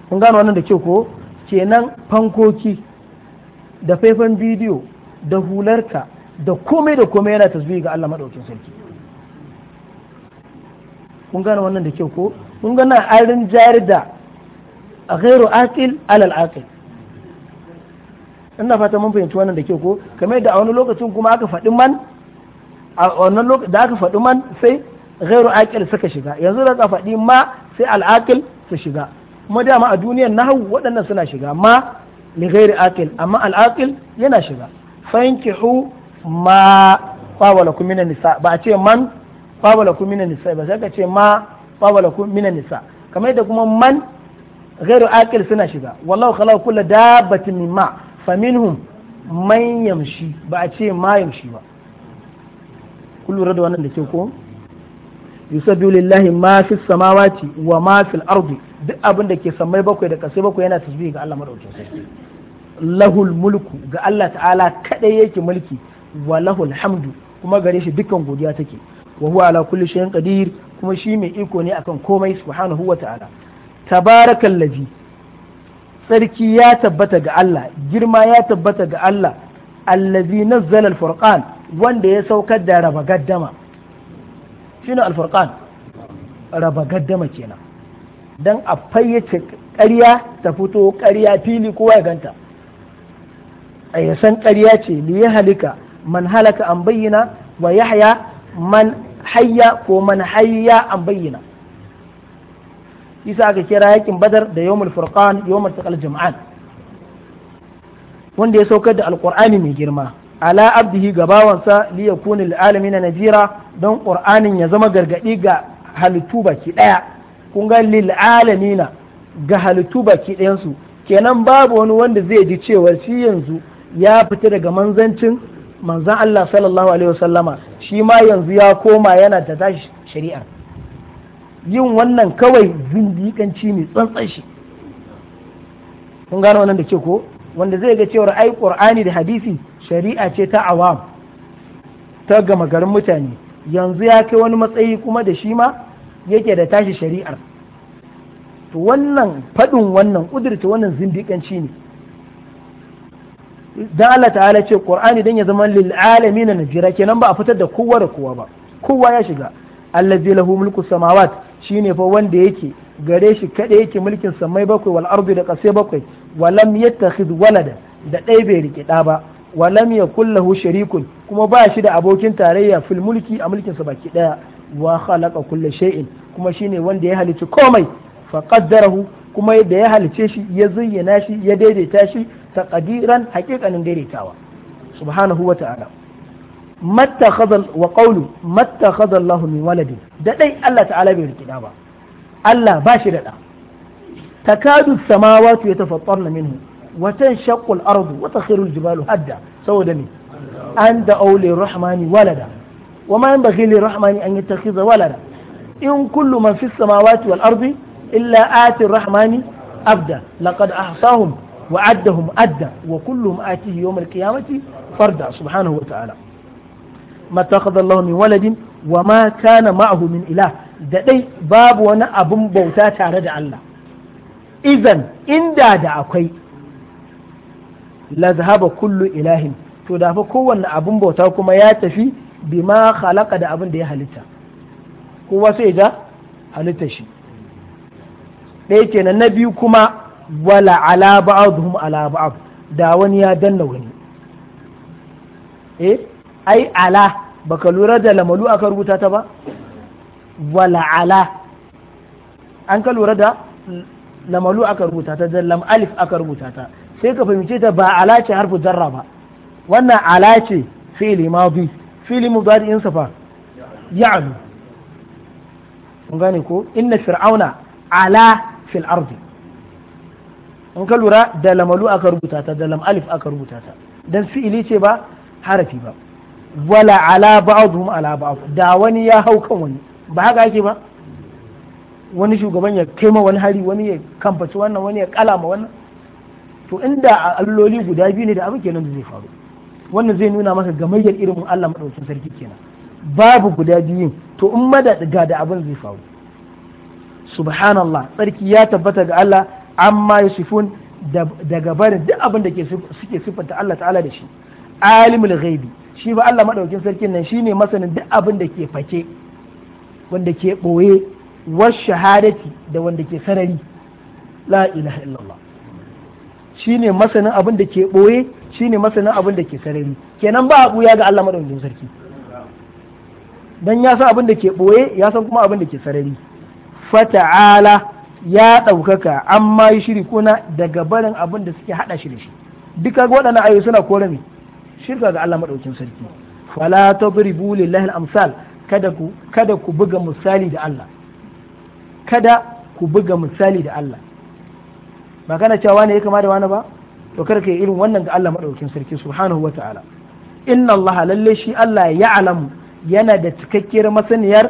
kun gano wannan da ke ko kenan fankoki da faifan bidiyo da hularka da komai da komai yana tasbihi ga Allah madaukakin sarki kun gano wannan da ke ko kun a arin jari da ghairu aqil alal aqil ina fata mun fahimci wannan da ke ko kamar da a wani lokacin kuma aka faɗi man a wannan lokacin da aka faɗi man sai ghairu aqil suka shiga yanzu da ka faɗi ma sai al aqil su shiga kuma dama a na hau waɗannan suna shiga ma li ghairi aqil amma al aqil yana shiga fankihu ma fawalakum minan nisa ba a ce man fawalakum minan nisa ba sai ka ce ma fawalakum minan nisa kamar yadda kuma man gairu aqil suna shiga wallahu khalaqa kullu dabbatin mimma faminhum man yamshi ba a ce ma yamshi ba kun lura da da ke ko yusabbihu lillahi ma fis samawati wa ma fil ardi duk abin da ke sammai bakwai da kasai bakwai yana tasbihi ga Allah madaukakin sarki lahul mulku ga Allah ta'ala kadai yake mulki wa lahul hamdu kuma gare shi dukkan godiya take wa huwa ala kulli shay'in qadir kuma shi mai iko ne akan komai subhanahu wa ta'ala tabarakallazi sarki ya tabbata ga Allah girma ya tabbata ga Allah allazi nazzala al-furqan wanda ya saukar da raba gaddama shine al-furqan raba gaddama kenan don a fayyace ƙarya ta fito ƙarya fili kowa ya ganta a yi san ƙarya ce li ya halika man halaka an bayyana wa haya man hayya ko man hayya an bayyana isa aka kira yakin badar da yawmul furqan yawmul taqal jama'an wanda ya saukar da alqur'ani mai girma ala abdihi gabawansa li yakuna lil alamin najira don qur'anin ya zama gargadi ga halittu baki daya kun ga lil alamina ga halittu baki ɗayansu kenan babu wani wanda zai ji cewa shi yanzu ya fita daga manzancin manzan Allah sallallahu alaihi wasallama shi ma yanzu ya koma yana da tashi shari'a yin wannan kawai zindiƙanci ne tsantsan shi kun gano wannan da ke ko wanda zai ga cewa ai qur'ani da hadisi shari'a ce ta awam ta gama garin mutane yanzu ya kai wani matsayi kuma da shi ma yake da tashi shari'ar to wannan faɗin wannan ƙudurta wannan zindiƙanci ne don Allah ta'ala ce Qur'ani dan ya zama lil alamin na jira kenan ba a fitar da kowa da kowa ba kowa ya shiga allazi lahu mulku samawat shine fa wanda yake gare shi kada yake mulkin samai bakwai wal ardi da kasai bakwai walam yattakhid walada da ɗaya bai rike ɗa ba walam ya lahu sharikun kuma ba shi da abokin tarayya fil mulki a mulkin sa baki ɗaya wa khalaqa kulla shay'in kuma shine wanda ya halicci komai fa kuma yadda ya halice shi ya zayyana shi ya daidaita shi taqdiran haqiqanin daidaitawa subhanahu wa ta'ala mattakhadha wa qawlu mattakhadha Allahu min waladin da dai Allah ta'ala bai rikida ba Allah ba shi da da takadu samawati yatafattarna minhu wa tanshaqqu al-ardu wa takhiru al-jibalu hadda saboda me an da rahmani walada وما ينبغي للرحمن أن يتخذ ولدا إن كل من في السماوات والأرض إلا آتي الرحمن أبدا لقد أحصاهم وعدهم أدا وكلهم آتيه يوم القيامة فردا سبحانه وتعالى ما اتخذ الله من ولد وما كان معه من إله da dai babu wani abin bauta tare da Allah izan inda da akwai la zahaba kullu ilahin to da fa kowanne abin bauta kuma ya tafi bi ma khalaqa da abin da ya halitta kowa sai ja halitta shi ɗaya kenan na biyu kuma wala ala ba'dhum ala ba'd da wani ya danna wani eh ai ala baka lura da lamalu aka rubuta ta ba wala ala an ka lura da lamalu aka rubuta ta da lam alif aka rubuta ta sai ka fahimce ta ba ala ce harfu jarra ba wannan ala ce fi'il madi fili mudari'in sa fa ya'lu kun gane ko inna fir'auna ala fil ardi in ka lura da lamalu aka rubuta ta da lam alif aka rubuta ta dan fi'ili ce ba harafi ba wala ala ba'dhum ala ba'd da wani ya hau kan wani ba haka ake ba wani shugaban ya kai ma wani hari wani ya kamfaci wannan wani ya kalama wannan to inda alloli guda biyu ne da abu kenan da zai faru wannan zai nuna maka gamayyar ilimin Allah madaukakin sarki kenan babu guda biyu to in ga da abin zai faru subhanallah sarki ya tabbata ga Allah amma yusufun daga barin duk abin da suke siffanta Allah ta'ala da shi alimul ghaibi shi ba Allah madaukin sarkin nan shine masanin duk abin da ke fake wanda ke boye was shahadati da wanda ke sarari la ilaha illallah shine masanin abin da ke boye ne masanin abin da ke sarari kenan ba abu ya ga Allah maɗaukin sarki don ya san abin da ke ɓoye ya san kuma abin da ke sarari fata'ala ya ɗaukaka amma yi shiri kuna daga barin abin da suke haɗa shi da shi duka waɗannan ayoyi suna kore me shirka ga Allah maɗaukin sarki fala buri buli lahil amsal kada ku kada ku buga misali da Allah kada ku buga misali da Allah ba kana cewa ne ya kama da wani ba to kar ka yi irin wannan ga Allah madaukakin sarki subhanahu wata'ala inna Allah lalle shi Allah ya alamu yana da cikakkiyar masaniyar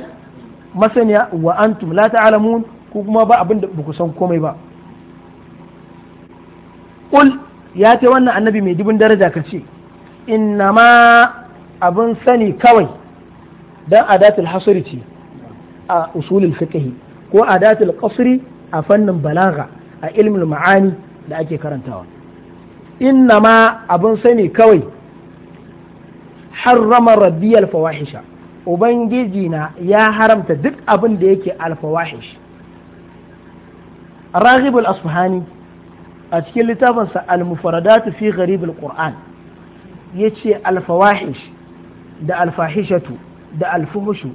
masaniya wa antum la ta'lamun ku kuma ba abin da ba ku san komai ba qul ya ce wannan annabi mai dubin daraja ka ce inna ma abin sani kawai dan adatul hasri ce a usulul fiqh ko adatul qasri a fannin balaga a ilmul ma'ani da ake karantawa inna ma abin sani kawai harrama rabbi alfawahisha ubangiji na ya haramta duk abin da yake alfawahish raghibul asfahani a cikin littafinsa al-mufaradatu fi gharibul qur'an ce alfawahish da alfahishatu da alfuhushu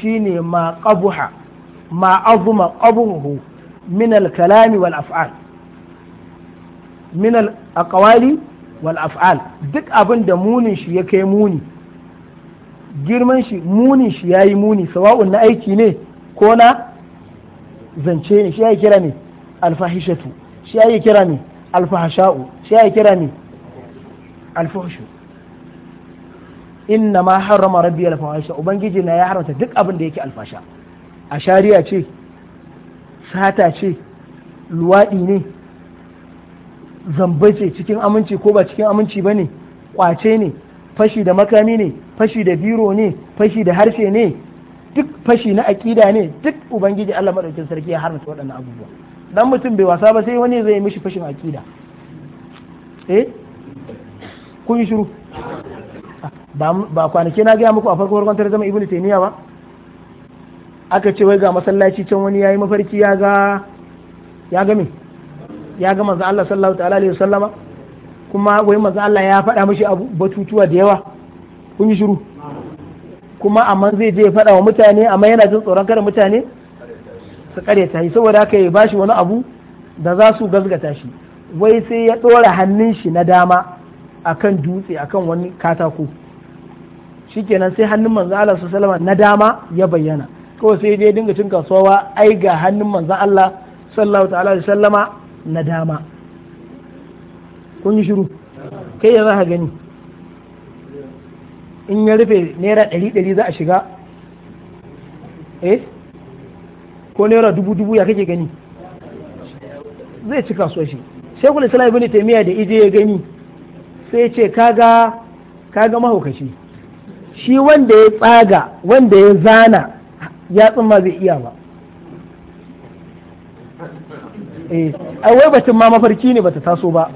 shine ma qabuha ma azuma qabuhu min al-kalami wal af'al min al-aqwali wal af'al duk abin da munin shi ya kai muni girman shi munin shi yayi muni sawa'un na aiki ne ko na zance ne shi ya kira ne alfahishatu shi ya kira ne alfahasha'u shi ya kira ne alfahshu inna ma harrama rabbi fahasha ubangiji na ya haramta duk abin da yake alfasha a shari'a ce sata ce luwaɗi ne zamba ce cikin aminci ko ba cikin aminci ba ne kwace ne fashi da makami ne fashi da biro ne fashi da harshe ne duk fashi na aƙida ne duk ubangiji Allah madaukakin sarki ya haramta waɗannan abubuwa dan mutum bai wasa ba sai wani zai mishi fashin aƙida eh kun yi shiru ba kwanaki na gaya muku a farko farkon zama ibnu taymiya ba aka ce wai ga masallaci can wani yayi mafarki ya ga ya ga me ya ga manzo Allah sallallahu ta'ala alaihi wasallama kuma wai manzo Allah ya faɗa mishi batutuwa da yawa kun yi shiru kuma amma zai je ya faɗa wa mutane amma yana jin tsoron kada mutane su karyata shi saboda haka ya bashi wani abu da za su gazgata shi wai sai ya ɗora hannun shi na dama akan dutse akan wani katako shikenan sai hannun manzo Allah sallallahu alaihi na dama ya bayyana kawai sai dai dinga cin kasuwa ai ga hannun manzo Allah sallallahu ta'ala alaihi sallama na dama kun yi shiru kai ya za ka gani in ya rufe naira ɗari ɗari za a shiga eh ko naira dubu dubu ya kake gani zai ci kasuwa shi kula islam ibn taimiyya da ije ya gani sai ce kaga kaga mahaukaci shi wanda ya tsaga wanda ya zana ya tsumma zai iya ba eh wai batun ma mafarki ne bata taso ba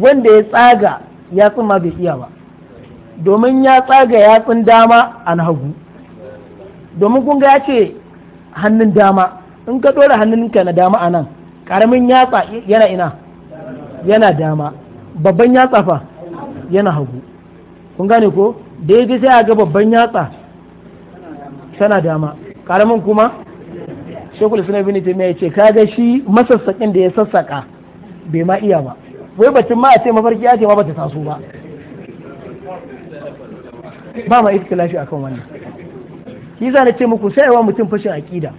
wanda ya tsaga yatsun ma bai iya ba domin ya tsaga yatsun dama a na hagu domin kun ga ya ce hannun dama in ka ɗora hannunka na dama a nan ƙaramin yatsa yana ina yana dama babban yatsa fa yana hagu kun gane ko da ya sai a ga babban yatsa tana dama ƙaramin kuma shekul islam ibn taymiya yace kaga shi masassaƙin da ya sassaka bai ma iya ba wai batun ma a ce mafarki ya ce ma bata taso ba ba ma ikhtilafi akan wannan shi za na ce muku sai wa mutum fashin aqida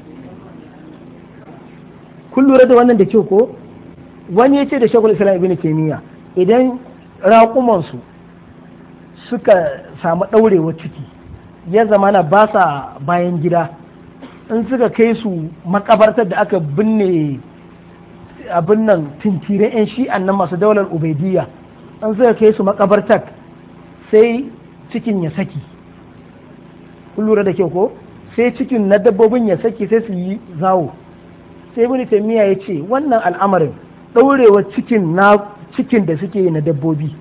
kun lura da wannan da kyau ko wani ya ce da shekul islam ibn taymiya idan raƙumansu suka samu ɗaurewar ciki ya zamana ba sa bayan gida in suka kai su makabartar da aka binne abin nan tintire 'yan shi'an nan masu daular ubaidiyya in suka kai su makabartar sai cikin ya saki kun lura da kyau ko sai cikin na dabbobin ya saki sai su yi zawo sai ibn taimiyya ya ce wannan al'amarin ɗaurewa cikin na cikin da suke yi na dabbobi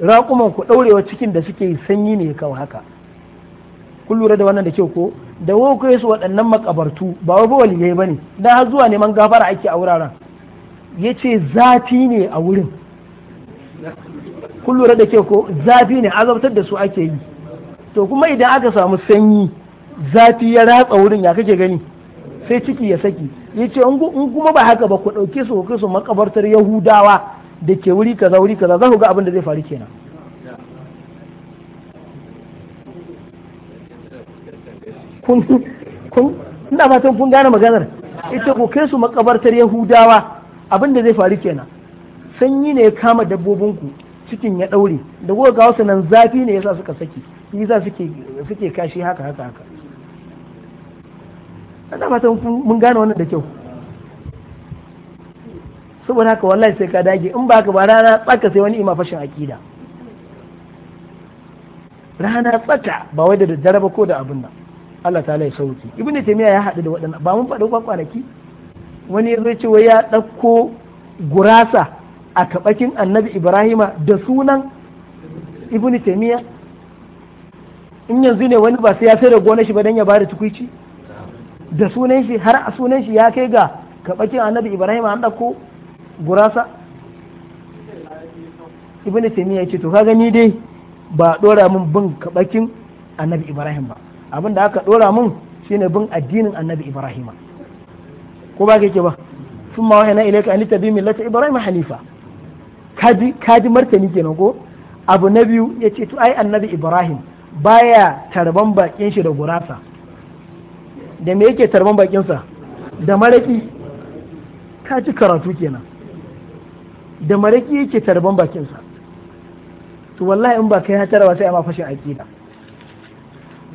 raƙuman ku ɗaurewa cikin da suke yi sanyi ne kawai haka kun lura da wannan da kyau ko da wokai su waɗannan makabartu ba wa ba waliyai ne dan har zuwa neman gafara ake a wuraren ya ce zafi ne a wurin kullum da ke ko zafi ne azabtar da su ake yi to kuma idan aka samu sanyi zafi ya ratsa wurin ya kake gani sai ciki ya saki ya ce in kuma ba haka ba ku ɗauke su ku su makabartar yahudawa da ke wuri kaza wuri kaza za ku ga abin da zai faru kenan kun ina fatan kun gane maganar ita ku kai su makabartar yahudawa abin da zai faru kenan sanyi ne ya kama dabbobin ku cikin ya daure da kuka ga wasu nan zafi ne yasa suka saki za suke suke kashi haka haka haka ina fatan mun gane wannan da kyau saboda haka wallahi sai ka dage in ba ka ba rana tsaka sai wani ima fashin akida rana tsaka ba wai da daddare ba ko da abin nan Allah ta lai sauki ibnu taymiya ya haɗu da waɗannan ba mun faɗo kwanaki wani ya ce wai ya ɗauko gurasa a kaɓakin annabi ibrahima da sunan ibnu taymiya in yanzu ne wani ba sai ya sai da gonar shi ba dan ya ba da tukuici da sunan shi har a sunan shi ya kai ga kaɓakin annabi ibrahima an ɗauko gurasa ibnu taymiya ya ce to kaga ni dai ba ɗora min bin kaɓakin annabi ibrahim ba abin da aka dora mun shine bin addinin annabi ibrahima ko ba ke ba sun ma wahana ilaika an litabi millata ibrahima hanifa kaji kaji martani kenan ko abu na biyu ya ce to ai annabi ibrahim baya tarban bakin shi da gurasa da me yake tarban bakin sa da maraki kaji karatu kenan da maraki yake tarban bakin sa to wallahi in ba kai hatarwa sai a fashin aqida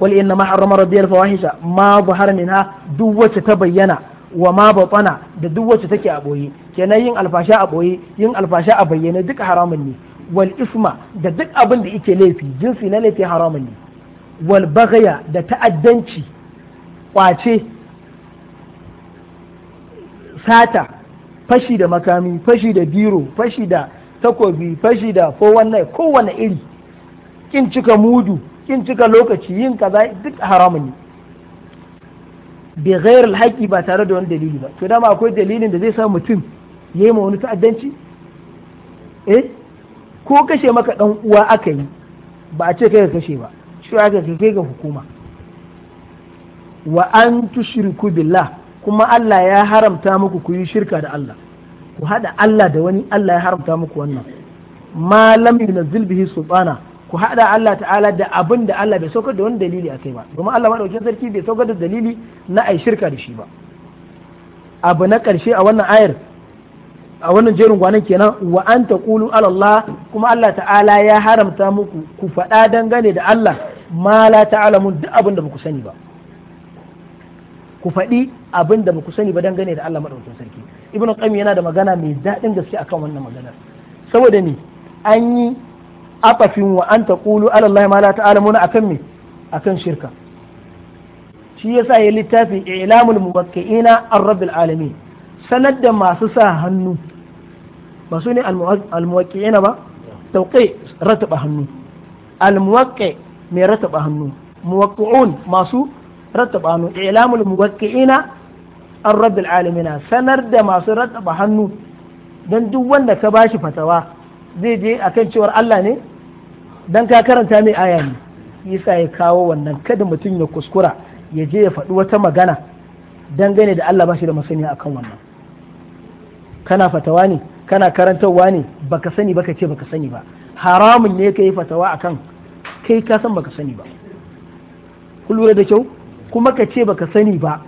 wal inna ma harrama rabbiyal fawahisha ma zahara minha duk wacce ta bayyana wa ma batana da duk wacce take a boye kenan yin alfasha a boye yin alfasha a bayyane duka haramun ne wal isma da duk abin da yake laifi jinsi na laifi haramun ne wal da ta'addanci kwace sata fashi da makami fashi da biro fashi da takobi fashi da ko wannan kowane iri kin cika mudu kin cika lokaci yin kaza duk haramun ne bi ghair alhaqi ba tare da wani dalili ba to dama akwai dalilin da zai sa mutum yayi ma wani ta'addanci eh ko kashe maka dan uwa aka yi ba a ce kai ka kashe ba shi aka kai ga hukuma wa an tushriku billah kuma Allah ya haramta muku ku yi shirka da Allah ku hada Allah da wani Allah ya haramta muku wannan ma lam yunzil bihi sultana ku haɗa Allah ta'ala da abin da Allah bai saukar da wani dalili a kai ba domin Allah maɗaukin sarki bai saukar da dalili na ai shirka da shi ba abu na ƙarshe a wannan ayar a wannan jerin gwanan kenan wa an taqulu ala Allah kuma Allah ta'ala ya haramta muku ku faɗa dangane da Allah ma la ta'lamun duk abin da sani ba ku faɗi abin da ba ku sani ba dangane da Allah maɗaukin sarki ibnu qayyim yana da magana mai daɗin gaske akan wannan maganar saboda ni an yi afafin wa an taqulu ala Allah ma la ta'lamuna akan me akan shirka shi yasa ya littafi ilamul muwakkiina ar rabbil alamin sanar da masu sa hannu ba su ne al muwakkiina ba tauqi rataba hannu al muwakki mai rataba hannu muwakki'un masu rataba hannu ilamul muwakkiina ar rabbil alamin sanar da masu rataba hannu dan duk wanda ka bashi fatawa zai je akan cewar Allah ne dan ka karanta mai aya ne ya kawo wannan kada mutum ya kuskura ya je ya faɗi wata magana dangane da Allah ba shi da masaniya akan wannan kana fatawa ne kana karantarwa ne baka sani baka ce baka sani ba haramun ne ka yi fatawa akan kai ka san baka sani ba ku da kyau kuma ka ce baka sani ba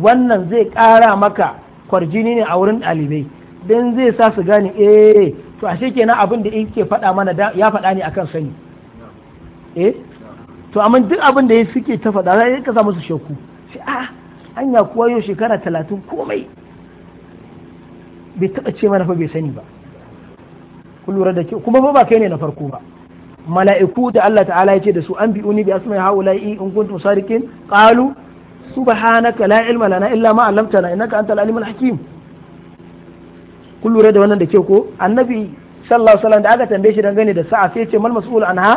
wannan zai kara maka kwarjini ne a wurin ɗalibai don zai sa su gane eh to ashe kenan abin da yake faɗa mana ya faɗa ne akan sani eh to amma duk abin da suke ta faɗa za ka samu su shakku sai a ah, anya kuwa yau shekara talatin komai bai taɓa ce mana fa bai sani ba ku lura da kyau kuma fa ba kai ne na farko ba mala'iku da Allah ta'ala ya ce da su an bi uni bi asma'i haula'i in kuntum sarikin qalu subhanaka la ilma lana illa ma 'allamtana innaka antal alimul hakim kun lura da wannan da ke ko annabi sallallahu alaihi da aka tambaye shi dangane da sa'a sai ce mal mas'ul anha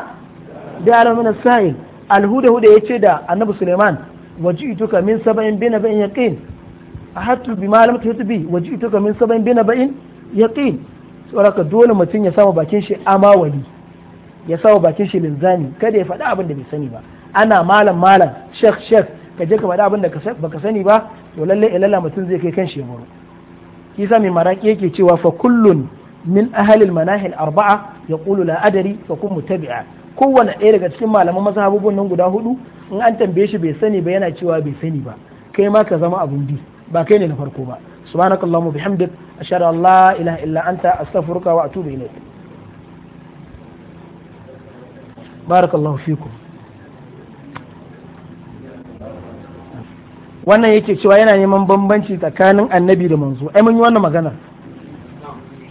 da alamin sa'il alhuda huda yace da annabi suleiman waji'tuka min sab'in bi naba'in yaqin ahattu bima lam tuhit bi waji'tuka min sab'in bi naba'in yaqin saboda dole mutum ya sama bakin shi amawali ya sama bakin shi Linzani kada ya faɗi abin da bai sani ba ana malam malam shek shek ka je ka faɗi abin da baka sani ba to lalle ilalla mutum zai kai kan ya yasa mai maraki yake cewa fa kullun min ahalil manahil arba'a ya la adari fa kun mutabi'a kowanne ɗaya daga cikin malaman mazhabubun nan guda hudu in an tambaye shi bai sani ba yana cewa bai sani ba kai ma ka zama abun bi ba kai ne na farko ba subhanakallahumma bihamdik ashhadu an la ilaha illa anta astaghfiruka wa atubu ilayk barakallahu fikum wannan yake cewa yana neman bambanci tsakanin annabi da manzo ai mun yi wannan magana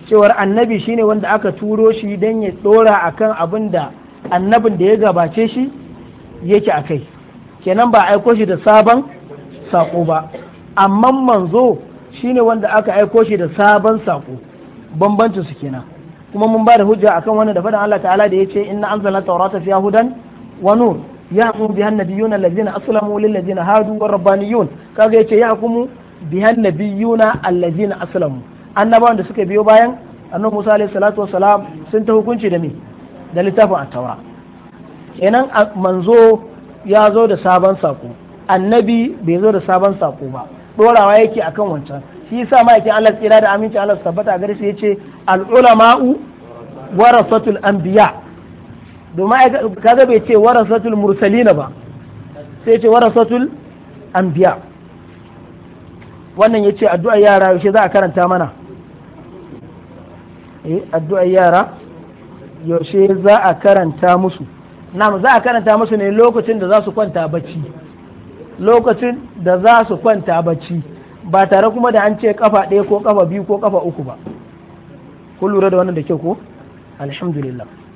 cewar annabi shine wanda aka turo shi don ya dora akan abin da annabin da ya gabace shi yake a kai kenan ba aiko shi da sabon sako ba amma manzo shine wanda aka aiko shi da sabon sako bambancin su kenan kuma mun ba da hujja akan wannan da faɗin Allah ta'ala da yace inna anzalna tawrata fi hudan wa nur yahkum bihan nabiyuna allazina aslamu lil ladina hadu war rabbaniyun kaga yace mu bihan nabiyuna allazina aslamu annabawan da suka biyo bayan annabi Musa alayhi salatu wassalam sun ta hukunci da mi da littafin at tawra kenan manzo ya zo da sabon sako annabi bai zo da sabon sako ba dorawa yake akan wancan shi yasa ma'aikin Allah tsira da aminci Allah tabbata gare shi yace al-ulama'u warasatul anbiya' domin kaga bai ce warasatul mursalina ba sai ce warasatul anbiya wannan ya ce addu'ar yara yaushe za a karanta mana eh, addu'ar yara yaushe za a karanta musu na za a karanta musu ne lokacin da za su kwanta bacci lokacin da za su kwanta bacci ba tare kuma da an ce kafa ɗaya ko kafa biyu ko kafa uku ba kun lura da wannan da ke ko alhamdulillah